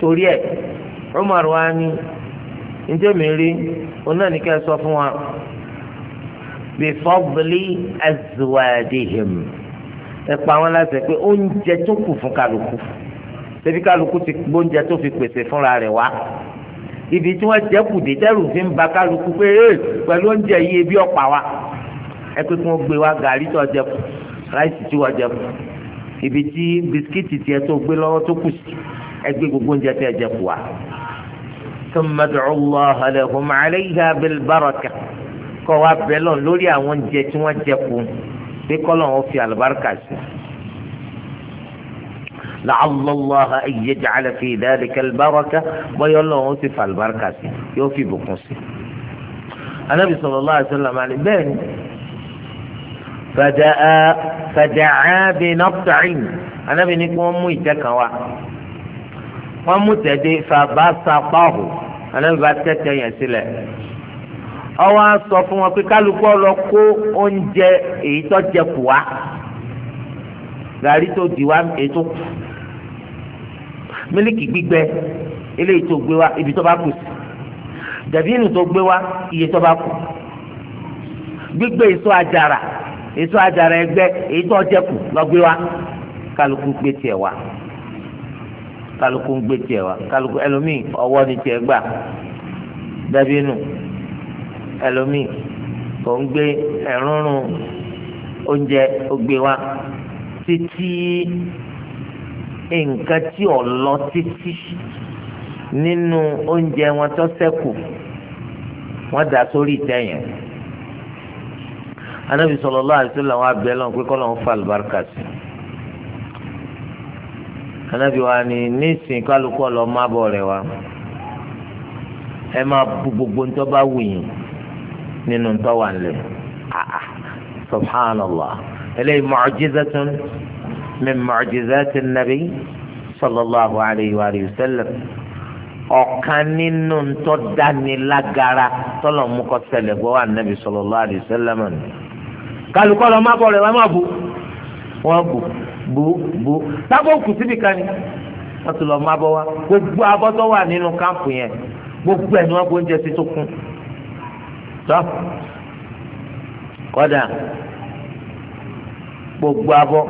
torí ẹ̀ Umar wa ni njẹ́ mi rí òun náà ní ká ẹ sọ fún wa bi fadli azwadihim ẹ pa wọn láti pé oúnjẹ tó kù fún kálukú ṣebí kálukú ti gbóúnjẹ tó fi pèsè fúnra rẹ̀ wá ibi tí wọ́n jẹ́ kùdé tẹ́rù fi ń ba kálukú pé ee pẹ̀lú oúnjẹ yìí ebi ọ̀pá wa ẹ kí wọ́n gbé wa gàrí tó jẹ kù ráìsì tí wọ́n jẹ kù ibi tí bisikíìtì tiẹ̀ tó gbé lọ́wọ́ tó kù sí ẹgbẹ́ gbogbo oúnjẹ tẹ́ ẹ jẹ kù wa. thumma ad'u Allah lahum 'alayha bil baraka kọ́ wa bẹ́ẹ̀ lọ lórí àwọn oúnjẹ tí wọ́n jẹ kù pé kọ́lọ̀ wọn fi àlùbáríkà sí. la'alla Allah an fi dhalika al baraka bọ́yọ̀ lọ́wọ́ ti fa àlùbáríkà sí yóò fi bùkún sí. النبي صلى الله عليه وسلم على بين فدعا فدعا بنطع النبي نكون ميتكوا wọ́n mú tẹ̀dé fàbá sapáhù ànábìbá tẹ̀tẹ̀ yẹn sílẹ̀ ọwọ́ á sọ fún wọn pé kálukú ọlọ kó oúnjẹ èyí tó jẹ kù wá gàrí tó di wá èyí tó kù mílíkì gbígbẹ eléyìí tó gbé wá ibi tó bá kù sí dàbínù tó gbé wá iye tó bá kù gbígbé èso àjàrà èso àjàrà ẹgbẹ èyí tó jẹ kù lọ gbé wá kálukú gbé tiẹ̀ wá kálukú ń gbé tiẹ̀ wá kálukú ẹlòmíì ọwọ́ ni tiẹ̀ gbà dàbínù ẹlòmíì kò ń gbé ẹ̀rúnrún oúnjẹ ògbé wá títí nǹkan tí ò lọ títí nínú oúnjẹ wọn tó ṣẹ́kù wọ́n dà sórí ìtẹ́ yẹn anabi sallallahu alaihi wasallam abẹ lọn pé kọlọn fa alibarika sí i anabi wa ni nísìnyí kálukú ọlọ má bọ rẹ wa ẹ máa bu gbogbo ntọ́ bá wù yín nínú ntọ́ wà nílẹ̀ ah subhanallah eléyìí mu'jizatun min mu'jizati nabi sallallahu alayhi wa sallam ọ̀kan nínú ntọ́ dánilágara tọ́lọ̀ mú kọ́ ṣẹlẹ̀ gbọ́ wà nabi sallallahu alayhi wa sallam kálukú ọlọ má bọ rẹ wa má bu wọ́n bu bù bù tábọ̀ òkú síbi kan ni wọ́n ti lọ mú abọ́ wa gbogbo abọ́ tó wà nínú káàmpù yẹn gbogbo ẹ̀ ni wọ́n gbóúnjẹ sí tó kún tọ́ kọ́dà gbogbo abọ́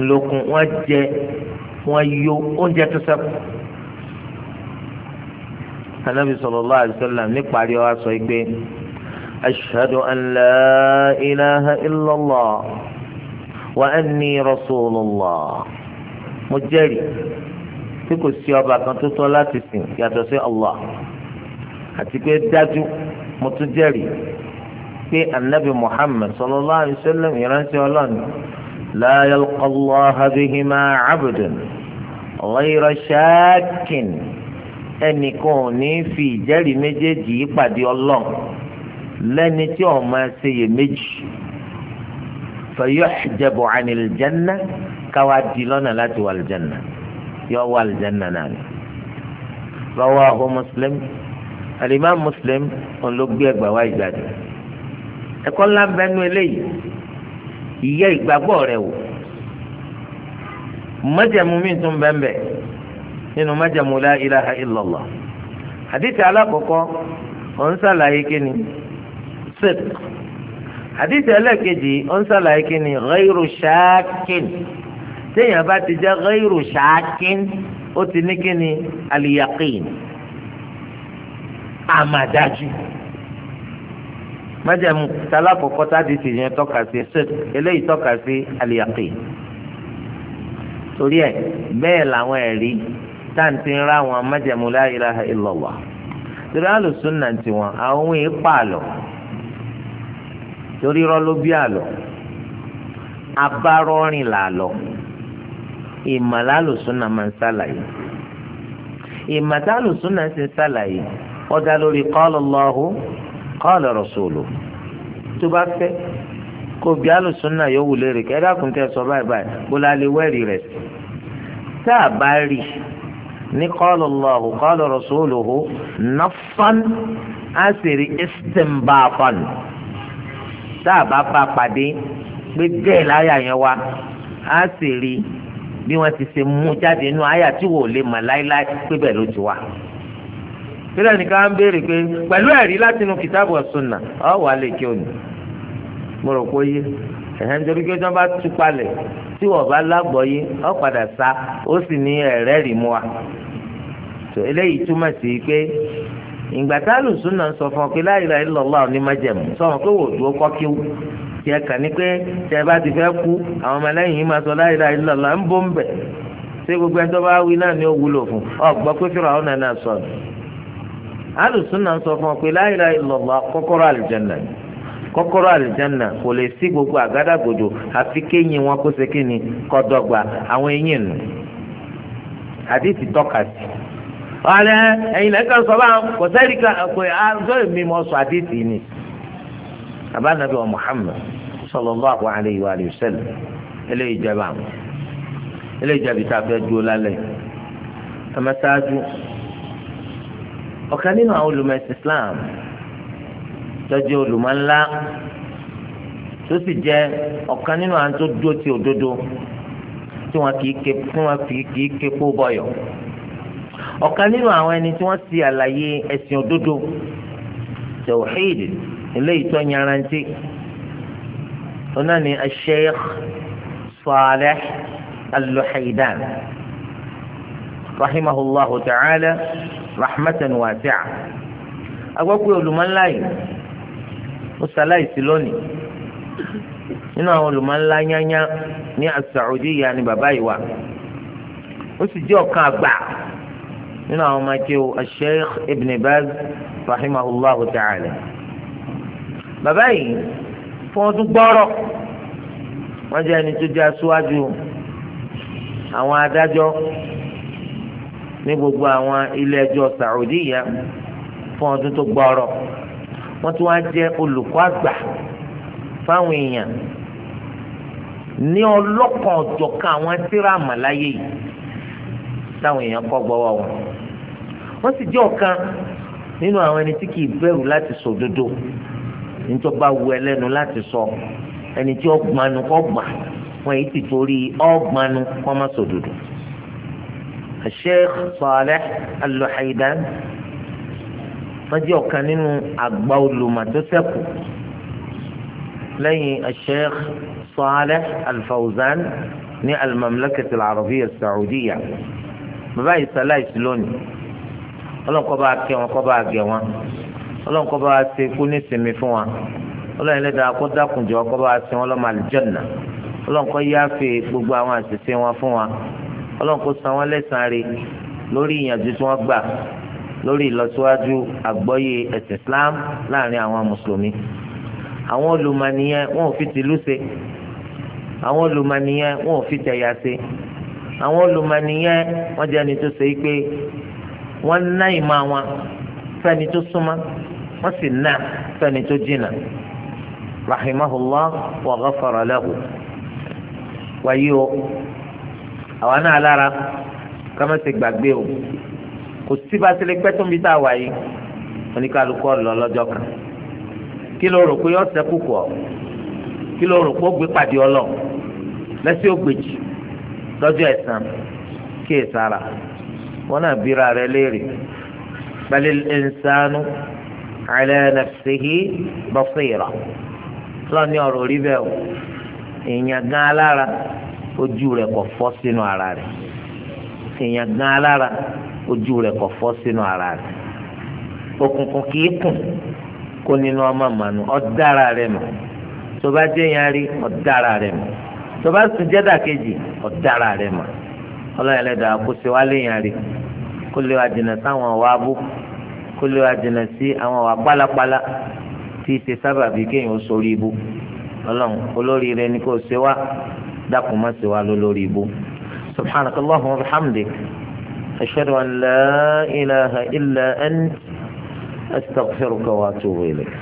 ńlọkùn wọ́n jẹ wọ́n yó oúnjẹ tó ṣẹ́kù anabi sallallahu alaihi wasallam níparí wa sọ pé ashhadu an la ilaha illallah wa anni rasulullah mo jẹ́rìí tí kò sí ọba kan tó tọ́ láti sìn yàtọ̀ sí Allah àti pé dájú mo tún jẹ́rìí pé anabi Muhammad sallallahu alayhi wa sallam ìránṣẹ́ ọlọ́ni la yalqa Allaha bihima abdun ghayra shakkin ẹnìkan ò ní fi ìjẹ́rìí méjèèjì yípadì ọlọ́run lẹ́ni tí ó máa ṣeyèméjì fayuhjabu anil janna káwa di lọ́nà láti wà aljanna yọ wà aljanna náà ni. rawahu muslim alimam muslim olóògbé ẹgbàá wa ìgbàdì ẹ̀kọ́ ńlá bẹ́nu eléyìí ìyẹ́ ìgbàgbọ́ rẹ̀ wò májẹ̀mú mi tún bẹ́ẹ̀ bẹ́ẹ̀ nínú májẹ̀mú la ilaha illallah hadith alákọ̀ọ́kọ́ ọ̀n sàlàyé kíni àdìsí ẹlẹ́ẹ̀kejì ó ń sàlàyé kí ni ghayru shakin téèyàn bá ti jẹ́ ghayru shakin ó ti ní kí ni aliyaqin àmàdájú májàmú talakọ̀kọ́ táti sì yẹn tọ́ka sí eléyìí tọ́ka sí aliyaqin torí ẹ bẹ́ẹ̀ làwọn ẹ̀rí táǹtì ń ra àwọn májàmú la ilaha illallah torí àlùsùn náà tiwọn àwọn èèpà lọ torí irọ́ ló bí àlọ́ abárọ́rìn làlọ́ ìmọ̀lá lòsùnà máa ń sàlàyé ìmọ̀tá lòsùnà ń ṣe sàlàyé ó dá lórí qala Allahu qala rasuluhu tó bá fẹ́ kó bí alùsùnà yóò wù lérè kẹ́ ẹ dákun tẹ́ sọ báyìí báyìí kó la lè wẹ́rì rẹ̀ tá a bá rí ní qala Allahu qala rasuluhu naffan á sì rí istinbatan. tá a bá bá pàdé pé bẹ́ẹ̀ láyà yẹn wá á sì rí bí wọ́n ti ṣe mú jáde àyà tí wò lè mọ̀ pé bẹ́ẹ̀ ló ti wá sílẹ̀ nìkan á ń béèrè pé pẹ̀lú ẹ̀rí láti inú kìtàbù ọ̀sùnà ọ̀ wà lè kí òní mo rò pé yé ẹ̀hẹ́n nítorí pé tí bá tú palẹ̀ tí wọ́n bá ọ̀ padà sá ó sì ní ẹ̀rẹ́ rì mú wa eléyìí túmọ̀ sí pé ìgbà tá àlùsùn náà sọ fún ọ pé la ilaha illallah ní májẹ̀mú sọ̀rọ̀ pé wò dúró kọ́ ti fẹ́ kú àwọn ọmọlẹ́yìn yìí máa sọ la ilaha illallah ń bọ́ ń bẹ̀ ṣé gbogbo ẹni tó bá wí náà ni ó wúlò fún ọ gbọ́ pé fúnra gbogbo àgádágodo àfi kéyìn wọn kó ṣe kíni àwọn eyín nù ọ̀rẹ́ ẹ̀yin lẹ́kàn sọ bá kò sẹ́ẹ̀rì kan kò àzọ́ èmi mọ̀ sọ àdìsí ni bàbá nàbí wa Muhammad sallallahu alayhi wa sallam eléyìí jẹba àwọn eléyìí jẹbi tá a fẹ́ dúró lálẹ́ àmọ́ sáájú ọ̀kan nínú àwọn olùmọ̀ẹ́sì Islam tọ́jú olùmọ̀ ńlá tó sì jẹ́ ọ̀kan nínú àwọn tó dúró ti òdodo tí wọ́n kì í ké fún wọn kì í ké kó bọ̀yọ̀ ọ̀kan nínú àwọn ẹni tí wọ́n ti àlàyé ẹ̀sìn òdodo tawhid eléyìí tó yanrantí ọ̀nà ni Sheikh Saleh Al-Luhaidan rahimahullahu ta'ala rahmatan wasi'a agbọ́pẹ́ olùmọ̀ńlá yìí ó ṣaláìsí lónìí nínú àwọn olùmọ̀ńlá yányá ní Saudi yìí ni bàbá ó sì jẹ́ ọ̀kan àgbà nínú àwọn ọmọ akéwò Sheikh Ibn Baz rahimahullah ta'ala bàbá yìí fún ọdún gbọ́rọ̀ wọ́n jẹ́ ẹni tó jẹ́ aṣáájú àwọn adájọ́ ní gbogbo àwọn ilé ẹjọ́ Saudiya fún ọdún tó gbọ́rọ̀ wọ́n tún wá jẹ́ olùkọ́ àgbà fáwọn èèyàn ní ọlọ́kan ọ̀jọ̀kan àwọn tíráàmù láyé yìí táwọn èèyàn kọ́ gbọ́wọ́ wọn wọ́n sì jẹ́ ọ̀kan nínú àwọn ẹni tí kìí bẹ̀rù láti sọ òdodo nítorí bá wu ẹlẹ́nu láti sọ ẹni tí ọgbàánu kọ́ gbà wọ́n èyí ti torí ọgbàánu kọ́ má sọ òdodo. Sheikh Saleh Al-Luhaydan wọ́n jẹ́ ọ̀kan nínú àgbà olùmọ̀ tó ṣẹ́kù lẹ́yìn Sheikh Saleh al ní Al-Mamlakati arabiya Saudiya bàbá ìsàlá ìsìlónì ọlọ́run kó bá kẹ́ wọn kó bá gẹ̀ wọn ọlọ́run kó bá ṣe ikú ní ìsinmi fún wọn ọlọ́run ẹlẹ́dàá kó dákunjọ kó bá ṣe wọn lọ́mọ àlùjànnà ọlọ́run kó yááfẹ́ gbogbo àwọn àṣìṣe wọn fún wọn ọlọ́run kó san wọn lẹ́sàn-án rẹ̀ lórí ìyànjú tí wọ́n gbà lórí ìlọsíwájú àgbọ́yé ẹ̀sìn Islam láàrin àwọn mùsùlùmí àwọn olùmọ̀nìyàn wọn ò fi tìlú ṣe àwọn olùmọ̀nìyàn wọn ò fi tẹ̀yà ṣe àwọn olùmọ̀nìyàn wọn jẹ́ ẹni tó ṣe é pé wọ́n ná ìmọ̀ wọn fẹ́ni tó súnmọ́ wọ́n sì ná fẹ́ni tó jìnnà rahimahullah wa wayi o àwa náà lára kọ́mọ́ ti o kò sí bá tilẹ̀ pẹ́ tó ń bí tá a wà lọ́jọ́ kan kí ló rò pé yọ sẹ́kù kọ́ kí ló rò pé ó gbé pàdé ọlọ́ wọn náà bíra rẹ léèrè balil insanu ala nafsihi basira lọ́ni ọ̀rọ̀ rí bẹ́ẹ̀ o èèyàn gan alára ojú rẹ̀ kò fọ́ sínú ara rẹ̀ èèyàn gan alára ojú rẹ̀ kò fọ́ sínú ara rẹ̀ òkùnkùn kìí kùn kó nínú ọmọ mànú ọ̀dára rẹ̀ mọ̀ tó bá jẹ́ yẹn rí ọ̀dára rẹ̀ mọ̀ tó bá sùn jẹ́dà ọ̀dára rẹ̀ mọ̀ ọlọ́yẹ̀lẹ́dà kó ṣe wá léyìn rí kó lè wá jìnnà sáwọn ọ̀wá abú kó lè wá jìnnà sí àwọn ọ̀wá pálapàla tí ṣe sábàbí kéèyàn ó sórí ibú ọlọ́run olóríire ni kò ṣe wá dákun má ṣe wá lólórí ibú subhanaka allahumma wa bihamdik ashhadu an la ilaha illa ant astaghfiruka wa atubu ilayk.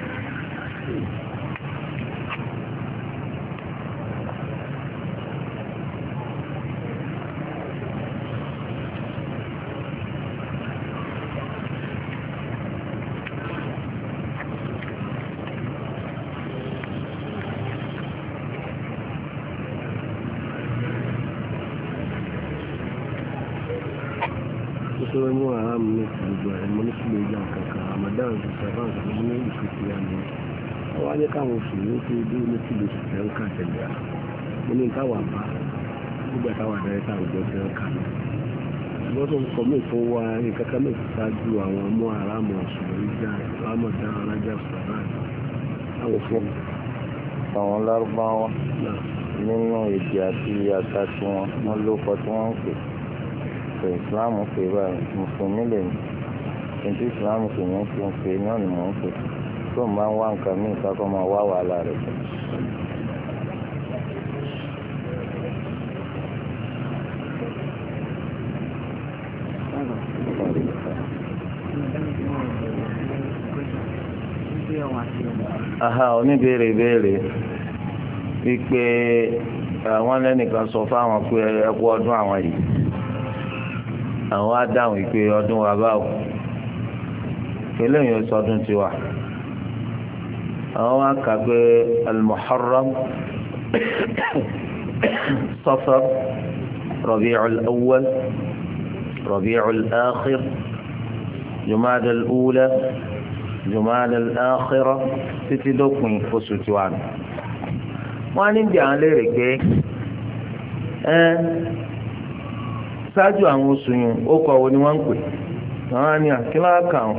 ramadan ṣàbá òfin ní oṣù tí a mọ̀ wọ́n wá ní káwọn oṣù ní tó dé ní kí lóṣù tẹ̀ ń kà tẹ̀lé à mo ní táwa bá nígbà táwa dáre táwọn ọjọ́ tẹ̀ ń kà mí ṣùgbọ́n tó ń kọ́ mí fún wa nǹkan kan mẹ́ta ṣáájú àwọn ọmọ aráàmọ̀ ọ̀ṣun ìjà rámọ̀dá alájà ṣàbá àwọn fún àwọn lárúbáwá nínú èdè àti àṣà tiwọn wọn ló kọ tí wọn ń pè pé islam pè báyìí mùsùlùmí lè ní. ndị ìsìlámù kò ní ṣe ń ṣe náà nwa mò ń ṣe tó máa ń wá aha oníbèrè béèrè wípé àwọn eh, lẹ́nìkan sọ fáwọn pé ọdún àwọn yìí àwọn á eléyìí sọdún tiwa àwọn wa kà pé al-muharram safar rabi'ul awwal rabi'ul akhir jumada al-ula jumada al-akhira títí dópin oṣù tiwa nù wọn á ní bí àwọn léèrè pé ẹ ṣáájú àwọn oṣù yìí ó kọ wo ni wọn ń pè wọn á ní àkílá kà wọn.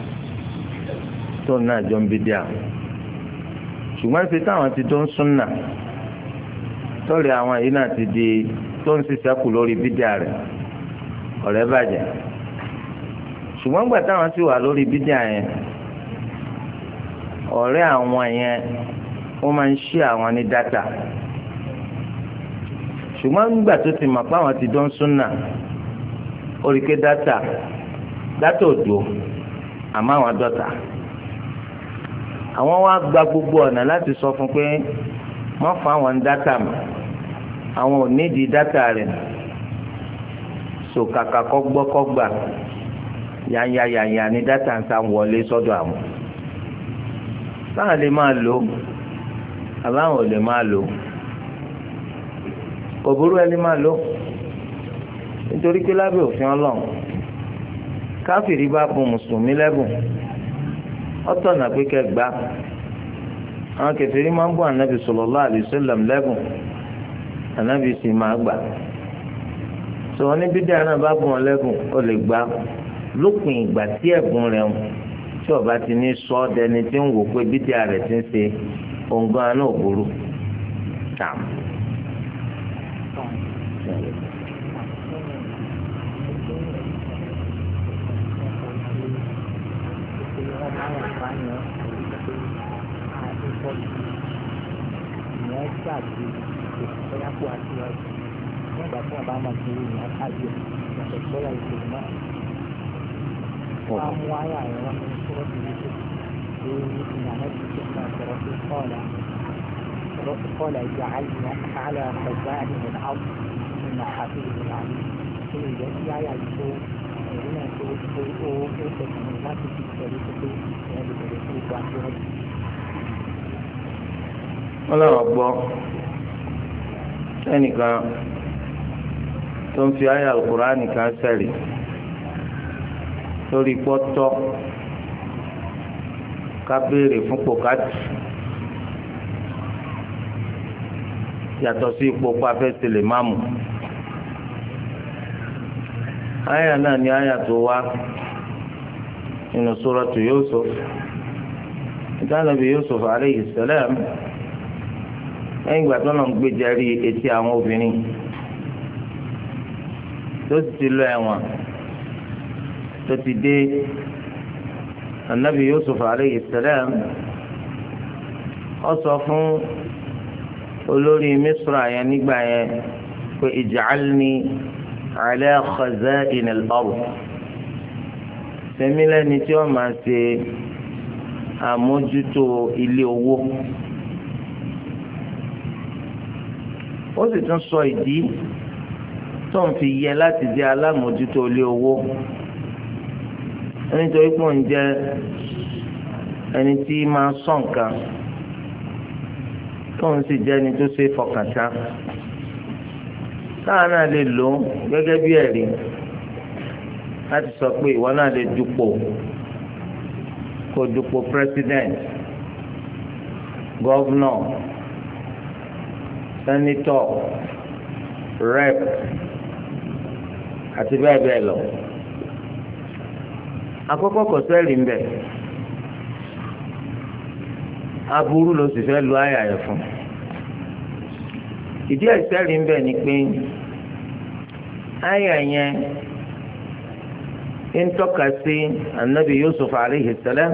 tó náà jọ ń bí díà ṣùgbọ́n ṣe táwọn ti tó ń súnà tọ́lì àwọn yìí náà ti di tó ń ṣiṣẹ́ kù lórí bídíà rẹ̀ ọ̀rẹ́ bàjẹ́ ṣùgbọ́n gbà táwọn sì wà lórí bídíà yẹn ọ̀rẹ́ àwọn yẹn wọ́n máa ń ṣí àwọn ní dátà ṣùgbọ́n nígbà tó ti mọ̀ pé àwọn ti dán súnà ó rí i pé dátà àmọ́ àwọn dọ́tà àwọn wá gba gbogbo ọ̀nà láti sọ fún pé wọ́n fa àwọn dátà mọ́ àwọn ò nídìí dátà rẹ̀ sòkàkà kọ́gbọ́kọ́gbà yanyayanya ni data ń san wọlé sọ́dọ̀ àwọn táwọn lè máa lò àbáwọn ò lè máa lò kò burú ẹni máa lò nítorí pé lábẹ́ òfin ọlọ́run káfíìrì bá bu mùsùlùmí lẹ́bùn ọtọ̀nà pé kẹgbà àwọn kẹfìrí máa ń bọ ànábì sallallahu alaihi wasallam lẹ́bùn ànábì sì máa gbà tó wọn níbi díẹ̀ náà bá bùn ọ lẹ́bùn ó lè gbà lópin ìgbà tí ẹ̀bùn rẹ̀ ń tí ọba ti ní sọ ọ́ dẹni tí ń wò pé bídíà rẹ̀ ti ń ṣe òǹgàn náà burú. náà bá máa kiri ìyá kájú ìyàtọ̀ gbọ́dọ̀ ìṣòro náà. Máa mú wáyà rẹ̀ wá ní sọ́rọ́ ti ní ṣe lórí ìyàrá ti ṣe máa sọ̀rọ̀ sí kọ́ọ̀lá. Sọ̀rọ̀ sí kọ́ọ̀lá ìjà àlùyà àlà ọ̀gbá ìrìn àwọn ìrìn àti ìrìn àlù. Ṣé ìjọ tí wáyà yìí tó ìrìn náà tó tó ó ó tẹ̀sán láti fi tẹ̀lé tó tó ìyẹn lè bẹ̀rẹ̀ sí ìgbà tó rọ̀ wọ́n lọ́rọ̀ gbọ́ ẹnìkan tó ń fi ayé alukurani kan sẹ́rì lórí pọ́tọ́ ká béèrè fún pòkátì yàtọ̀ sí ipò pàfẹ́sẹ̀ lè má mú. aya náà ni aya tó wá nínú suratu Yusuf ìtànàbí Yusuf alayhi salam lẹ́yìn ìgbà tó náà ń gbé jẹ́rí etí àwọn obìnrin tó sì ti lọ ẹ̀wọ̀n tó ti dé anabi yusuf aleyhi salam ó sọ fún olórí misra yẹn nígbà yẹn pé ij'alni ala khaza'in al-ard sẹ́mi lẹ́ni tí wọ́n máa ṣe àmójútó ilé owó. ó sì tún sọ ìdí tó ń fi yẹ láti di alámòjútó ilé owó nítorí pé òun jẹ́ ẹni tí máa sọ nǹkan tó ń sì jẹ́ ẹni tó ṣe fọkàn tán táwọn náà lè lò ó gẹ́gẹ́ bí ẹ̀rí láti sọ pé ìwọ náà lè dupò kó dupò president governor senator rep. àti bẹ́ẹ̀ bẹ́ẹ̀ lọ. àkọ́kọ́ kò sẹ́ẹ̀lì ń bẹ̀ aburú ló sì fẹ́ lu àyà rẹ̀ fún. ìdí ẹ̀sẹ̀rì ń bẹ̀ ni pé àyà yẹn ń tọ́ka sí anabi Yusuf alayhi salam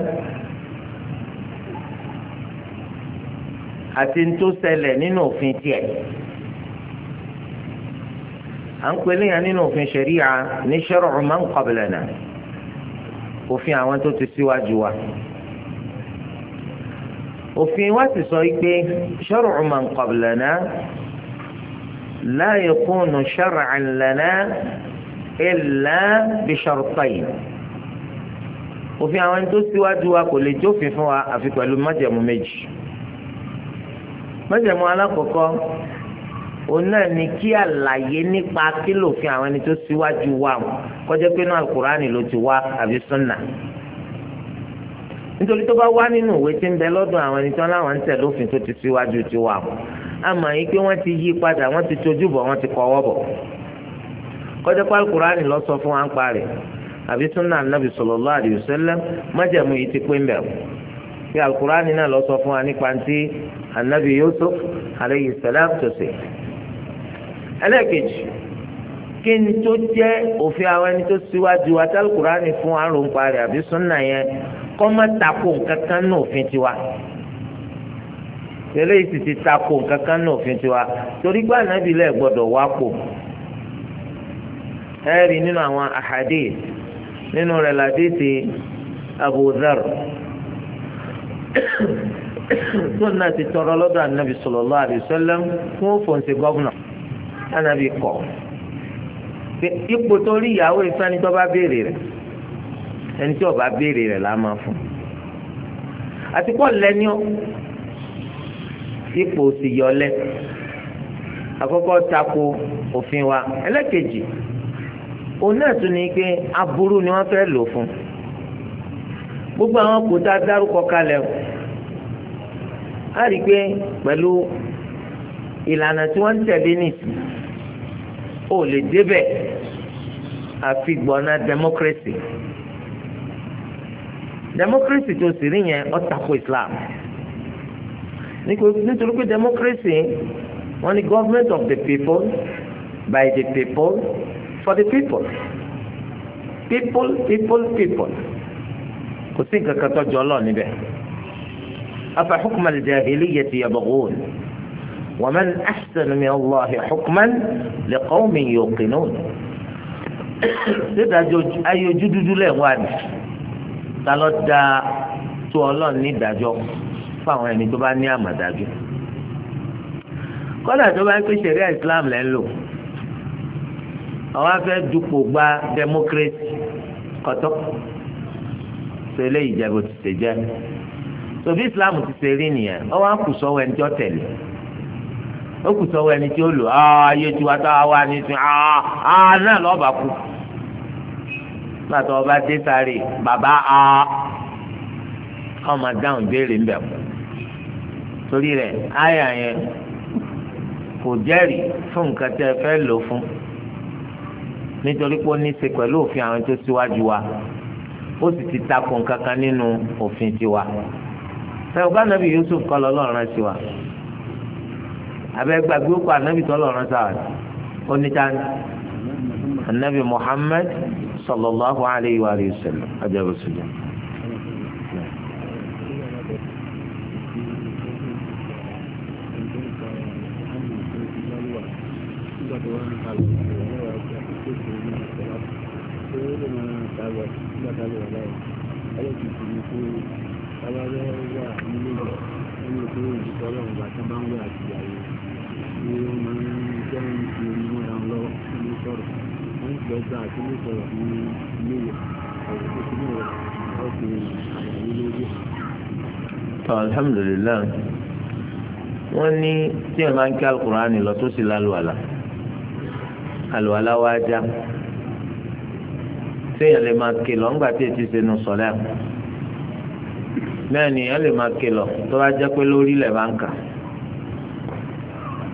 àti ń tó ṣẹlẹ̀ nínú òfin tiẹ̀. à ń pè léyìn nínú òfin ṣẹ̀ríà ní shar'u man qablana òfin àwọn tó ti síwájú wa òfin wa sì sọ pé shar'u man qablana la yakunu shar'an lana illa bi shartayn òfin àwọn tó síwájú wa kò lè jófin fún wa àfi pẹ̀lú májẹ̀mú méjì májẹ̀mú alákọ̀ọ́kọ́. Ona náà ni kí àlàyé nípa kílòfin àwọn ẹni tó síwájú wa kó jẹ́ pé náà alukurani ló ti wá àbí sunna nítorí tó bá wá nínú ìwé tí ń bẹ lọ́dọ̀ àwọn ẹni tó láwọn ń tẹ̀lé òfin tó ti síwájú ti wà á mọ̀ yín pé wọ́n ti yí padà wọ́n ti tojú bọ̀ wọ́n ti kọ́wọ́ bọ̀ kó pé alukurani ló sọ fún wa ń parẹ́ àbí sunna anabi sallallahu alaihi wasallam májẹ̀mú yìí ti pé ń bẹ̀rù pé alukurani náà lọ sọ fún wa nípa ti anabi yusuf alayhi salam tó ṣe ẹlẹ́ẹ̀kejì kí ni tó jẹ́ òfin àwọn ẹni tó síwájú atálùkùránì fún àrùn parí àbí súnà yẹn kọ́ má tako nǹkankan ní òfin tiwa tẹ́lẹ̀ yìí sì ti tako kankan ní òfin tiwa torí gbà nábì lẹ́ẹ̀ gbọ́dọ̀ wá pò ẹ rí nínú àwọn àhàdé nínú rẹ̀ làdéètè Abu Dharr *coughs* ti tọrọ lọ́dọ̀ ànábì sallallahu alaihi wasallam fún òfòǹsẹ̀ anabi kọ̀ ipò tó rí ìyàwó ìfẹ́ni tó bá béèrè rẹ̀ ẹni tí ó bá béèrè rẹ̀ la máa fún àti pọ̀ lẹ́ni ó ipò sì yọlẹ́ àkọ́kọ́ tako òfin wa ẹlẹ́kejì òun náà tún ní pé aburú ni wọ́n fẹ́ lò fún gbogbo àwọn kò tá a dárúkọ kalẹ̀ o a rí i pé pẹ̀lú ìlànà tí wọ́n ń tẹ̀lé nìsí ó lè débẹ̀ àfi gbọ́nà democracy democracy tó sì rí yẹn ó tako Islam nítorí pé democracy wọ́n ní government of the people by the people for the people people people people kò sí nǹkan kan tó jọ lọ níbẹ̀ afa hukma al-jahiliyyati yabghun. ومن أحسن من الله حكما لقوم يوقنون sídájọ́ ayọjú dúdú lẹ́wọ̀n àná ta ló da tó ọlọ́run ní ìdájọ́ fún àwọn ẹni tó bá ní àmàdájú kọ́dà tó bá ń pè sẹ̀ríà Islam lẹ́ ń lò àwọn afẹ́ dupò gba democracy kọ́tọ́ sọ eléyìí jẹ́ ti ṣe jẹ́ tòbí Islam ti ṣe rí nìyẹn ọwọ́ àkùsọ̀wọ́ ẹni tí ó tẹ̀lé ó kù sọ́wọ́ ẹni tí ó lò ayé tiwa tá a wá ní sin náà lọ́ọ̀bà kú pàtó ọba dé sáré bàbá ọmọ dáhùn béèrè ń bẹ̀ kú torí rẹ̀ àyà yẹn kò jẹ́rìí fún nǹkan tẹ́ ẹ fẹ́ lò fún nítorí pé ó ní ṣe pẹ̀lú òfin àwọn tó síwájú wa ó sì ti takò nǹkan nínú òfin tiwa. ṣé ọgbà nàbí Yusuf kọ́ lọ́lọ́run rán sí wa abẹ́ gbàgbé ó kọ anabi tọ́lọ̀ ọ̀rọ̀ sáà onítàní anabi muhammed sallallahu alayhi wa sallam ajabosojá. alhamdulilayi wọ́n ní tí ẹ̀ máa ń kí alukur'ani lọ tó sì lálùwàlà àlùwàlà wa já téèyàn lè máa ké lọ ńgbà tí etí sínú sọlẹ́ bẹ́ẹ̀ ni ẹ̀ lè máa ké lọ tó bá jẹ́ pé lórí lẹ̀ bá ń kà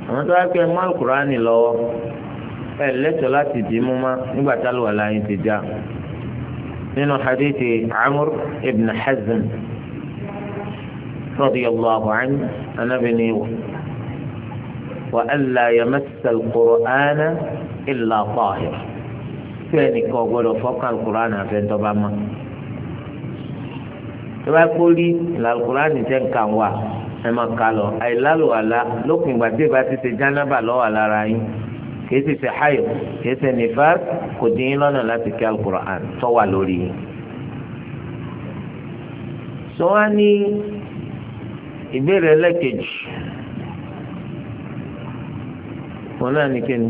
àwọn tó bá pẹ́ mú alukur'ani lọ́wọ́ ẹ̀ lẹ́tọ̀ọ́ láti dì í mú má nígbà tí àlùwàlà yín ti já nínú hadithi Amr ibn Hazm radiyallahu anhu anábìíní wọ̀ wa alla yamassa al-Qur'ana illa tahir tí ẹnìkan gbọ́dọ̀ fọ́kàn al-Qur'ana àfẹ́ntọ́ba mọ́ tó bá kó rí al-Qur'ani tẹ́ ń kàn wá ẹ máa kà lọ àìlálò àlá lópin ìgbà tí ìbá ti ṣe jánábà lọ́wọ́ àlára yín kìí sì ṣe hayo kìí ṣe nifas kò dín in lọ́nà láti kí al-Qur'an tó wà lórí yín. sọ wá ní ìbéèrè ẹlẹ́kejì wọn náà ní kíni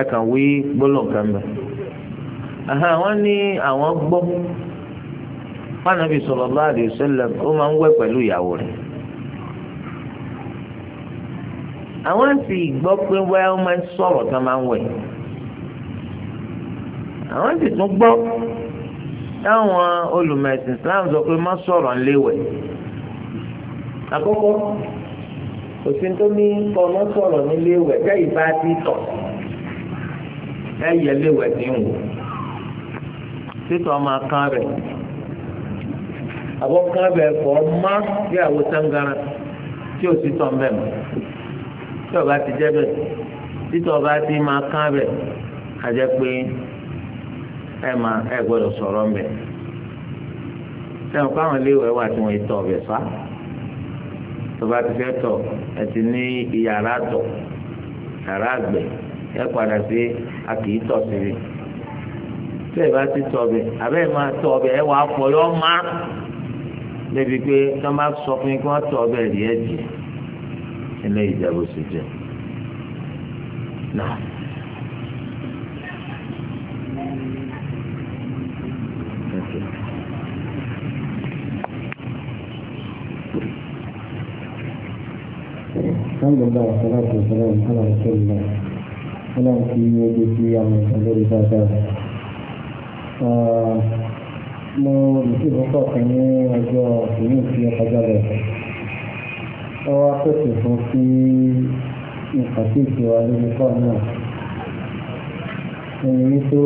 ẹ kàn wí gbólóǹkà mbẹ àwọn ní àwọn gbọ́ fanabi sallallahu alaihi wasallam ó máa ń wẹ̀ pẹ̀lú ìyàwó rẹ̀ àwọn sì gbọ́ pé wáyà ó máa ń sọ̀rọ̀ tán máa ń wẹ̀ àwọn sì tún gbọ́ táwọn olùmọ̀ ẹ̀sìn Islam sọ pé má sọ̀rọ̀ ńléwẹ̀ àkọ́kọ́ òsín tó ní kọ́nà sọ̀rọ̀ nílé ìwẹ̀ tẹ́ ìbá ti tọ̀ ẹ yẹ ilé ìwẹ̀ ní wò títọ́ máa kán rẹ̀ àbọ̀ kán rẹ̀ fọ́ má bí àwo sangara tí ò sí tọ̀ mbẹ́ mọ́ tí ọba ti jẹ́ bẹ́ẹ̀ títọ́ ọba ti máa kán rẹ̀ àjẹ́ pé ẹ máa ẹ gbọ́dọ̀ sọ̀rọ̀ mbẹ́ sẹ́wọ̀n káwọn ilé ìwẹ̀ wà tí wọ́n ti tọ̀ ọbẹ̀ fáà tó bá ti fẹ́ tọ̀ ẹ ti ní iyàrá tọ̀ yàrá àgbẹ̀ ẹ padà sí a kì í tọ̀ síbi tí ẹ bá ti tọ̀ ọbẹ̀ abẹ́ ẹ máa tọ̀ ọbẹ̀ ẹ wàá fọ̀ yọ má débi pé tí bá sọ fún yín kí wọ́n tọ̀ ọbẹ̀ rí ẹ̀ jì ẹ lẹ́yìn ìjàgbọ́sọ jẹ náà. الحمد لله والصلاة والسلام على رسول الله سلام في وجهي يا من تدري فاتاه mo rìsí púpọ̀ kan ní ọjọ́ ìlú tí ó kọjá lọ ọ wá pèsè fún sí nǹkan tí ìṣèwà lórí kọ́ náà ẹni wípé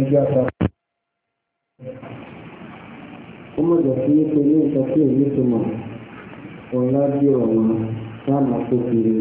ẹjọ́ àpapọ̀ ó mọ̀jọ̀ sí nípa ilé ìtọ́jú ìlú tó mọ̀ ọ̀làdí ọ̀run sáàmà tó kiri.